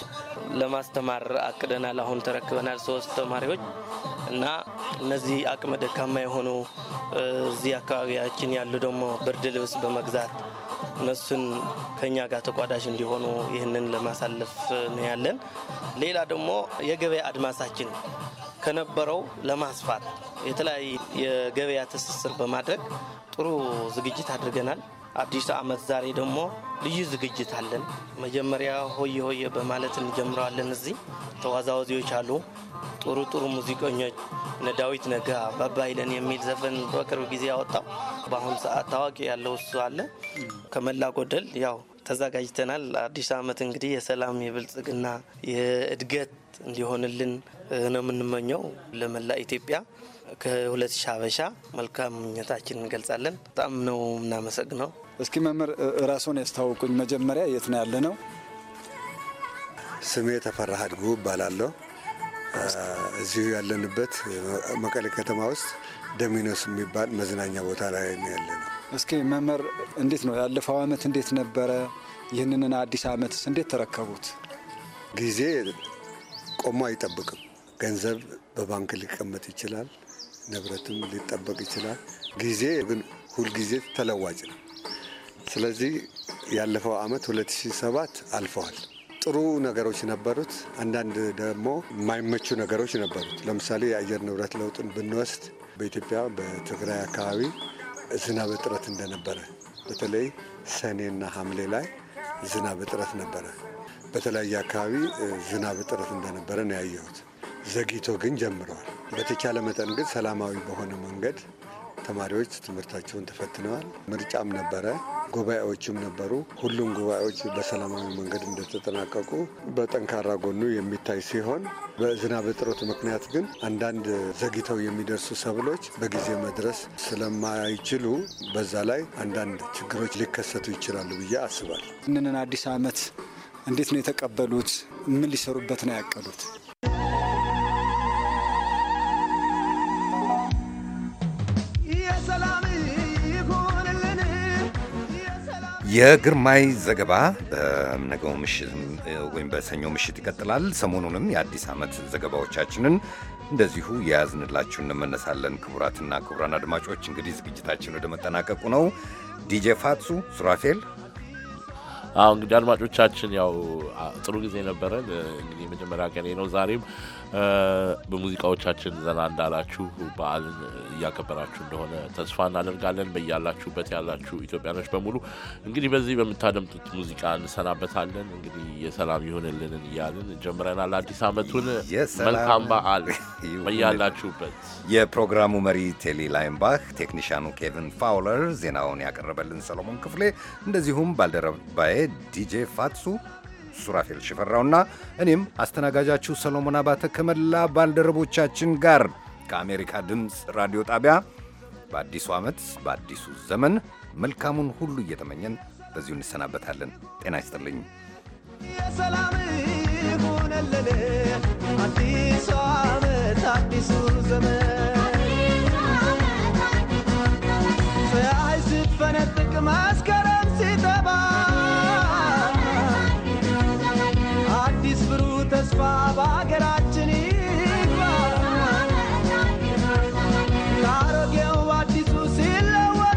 ለማስተማር አቅደናል። አሁን ተረክበናል ሶስት ተማሪዎች እና እነዚህ አቅመ ደካማ የሆኑ እዚህ አካባቢያችን ያሉ ደግሞ ብርድ ልብስ በመግዛት እነሱን ከኛ ጋር ተቋዳሽ እንዲሆኑ ይህንን ለማሳለፍ ነው ያለን። ሌላ ደግሞ የገበያ አድማሳችን ከነበረው ለማስፋት የተለያየ የገበያ ትስስር በማድረግ ጥሩ ዝግጅት አድርገናል። አዲስ ዓመት ዛሬ ደግሞ ልዩ ዝግጅት አለን። መጀመሪያ ሆየ ሆየ በማለት እንጀምረዋለን። እዚህ ተወዛዋዦች አሉ። ጥሩ ጥሩ ሙዚቀኞች እነ ዳዊት ነጋ፣ ባባይለን የሚል ዘፈን በቅርብ ጊዜ ያወጣው በአሁኑ ሰዓት ታዋቂ ያለው እሱ አለ። ከመላ ጎደል ያው ተዘጋጅተናል። አዲስ ዓመት እንግዲህ የሰላም የብልጽግና የእድገት እንዲሆንልን ነው የምንመኘው ለመላ ኢትዮጵያ። ከሁለት ሺህ ሀበሻ መልካም ምኞታችን እንገልጻለን። በጣም ነው የምናመሰግነው። እስኪ መምህር ራስዎን ያስታወቁኝ መጀመሪያ የት ነው ያለ ነው? ስሜ ተፈራ ሀድጉ እባላለሁ። እዚሁ ያለንበት መቀሌ ከተማ ውስጥ ደሚኖስ የሚባል መዝናኛ ቦታ ላይ ያለ ነው። እስኪ መምህር እንዴት ነው ያለፈው አመት እንዴት ነበረ? ይህንን አዲስ አመትስ እንዴት ተረከቡት? ጊዜ ቆሞ አይጠብቅም። ገንዘብ በባንክ ሊቀመጥ ይችላል፣ ንብረትም ሊጠበቅ ይችላል። ጊዜ ግን ሁልጊዜ ተለዋጭ ነው። ስለዚህ ያለፈው አመት 2007 አልፈዋል። ጥሩ ነገሮች ነበሩት፣ አንዳንድ ደግሞ የማይመቹ ነገሮች ነበሩት። ለምሳሌ የአየር ንብረት ለውጥን ብንወስድ በኢትዮጵያ በትግራይ አካባቢ ዝናብ እጥረት እንደነበረ በተለይ ሰኔና ሐምሌ ላይ ዝናብ እጥረት ነበረ። በተለያየ አካባቢ ዝናብ እጥረት እንደነበረ ነው ያየሁት። ዘግይቶ ግን ጀምረዋል። በተቻለ መጠን ግን ሰላማዊ በሆነ መንገድ ተማሪዎች ትምህርታቸውን ተፈትነዋል። ምርጫም ነበረ። ጉባኤዎችም ነበሩ። ሁሉም ጉባኤዎች በሰላማዊ መንገድ እንደተጠናቀቁ በጠንካራ ጎኑ የሚታይ ሲሆን በዝናብ እጥረት ምክንያት ግን አንዳንድ ዘግይተው የሚደርሱ ሰብሎች በጊዜ መድረስ ስለማይችሉ በዛ ላይ አንዳንድ ችግሮች ሊከሰቱ ይችላሉ ብዬ አስባል። ይህንን አዲስ ዓመት እንዴት ነው የተቀበሉት? ምን ሊሰሩበት ነው ያቀዱት? የግርማይ ዘገባ በነገው ምሽት ወይም በሰኞ ምሽት ይቀጥላል። ሰሞኑንም የአዲስ ዓመት ዘገባዎቻችንን እንደዚሁ የያዝንላችሁ እንመነሳለን። ክቡራትና ክቡራን አድማጮች እንግዲህ ዝግጅታችን ወደ መጠናቀቁ ነው። ዲጄ ፋትሱ ሱራፌል አሁ እንግዲህ አድማጮቻችን ያው ጥሩ ጊዜ ነበረን። እንግዲህ የመጀመሪያ ቀኔ ነው ዛሬም በሙዚቃዎቻችን ዘና እንዳላችሁ በዓልን እያከበራችሁ እንደሆነ ተስፋ እናደርጋለን። በያላችሁበት ያላችሁ ኢትዮጵያኖች በሙሉ እንግዲህ በዚህ በምታደምጡት ሙዚቃ እንሰናበታለን። እንግዲህ የሰላም ይሁንልን እያልን ጀምረናል። አዲስ ዓመቱን መልካም በዓል በያላችሁበት። የፕሮግራሙ መሪ ቴሊ ላይምባህ፣ ቴክኒሽያኑ ኬቪን ፋውለር፣ ዜናውን ያቀረበልን ሰሎሞን ክፍሌ፣ እንደዚሁም ባልደረባዬ ዲጄ ፋትሱ ሱራፌል ሽፈራውና እኔም አስተናጋጃችሁ ሰሎሞን አባተ ከመላ ባልደረቦቻችን ጋር ከአሜሪካ ድምፅ ራዲዮ ጣቢያ በአዲሱ ዓመት በአዲሱ ዘመን መልካሙን ሁሉ እየተመኘን በዚሁ እንሰናበታለን። ጤና ይስጥልኝ። የሰላም ሆነልን አዲሱ ዓመት አዲሱ ዘመን በአገራችን ይግባ። ከአሮጌው አዲሱ ሲለወጥ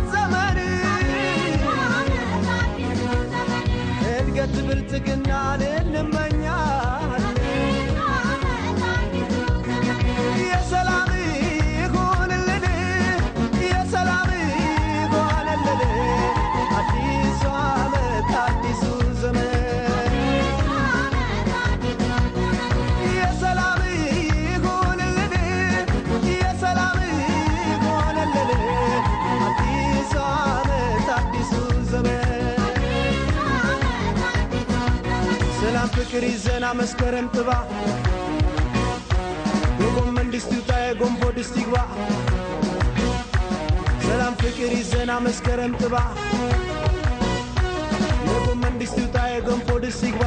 ንቲሰላም ፍቅሪ ዘና መስከረም ጥባየም መንስቲው ጎንፎ ድስትግባ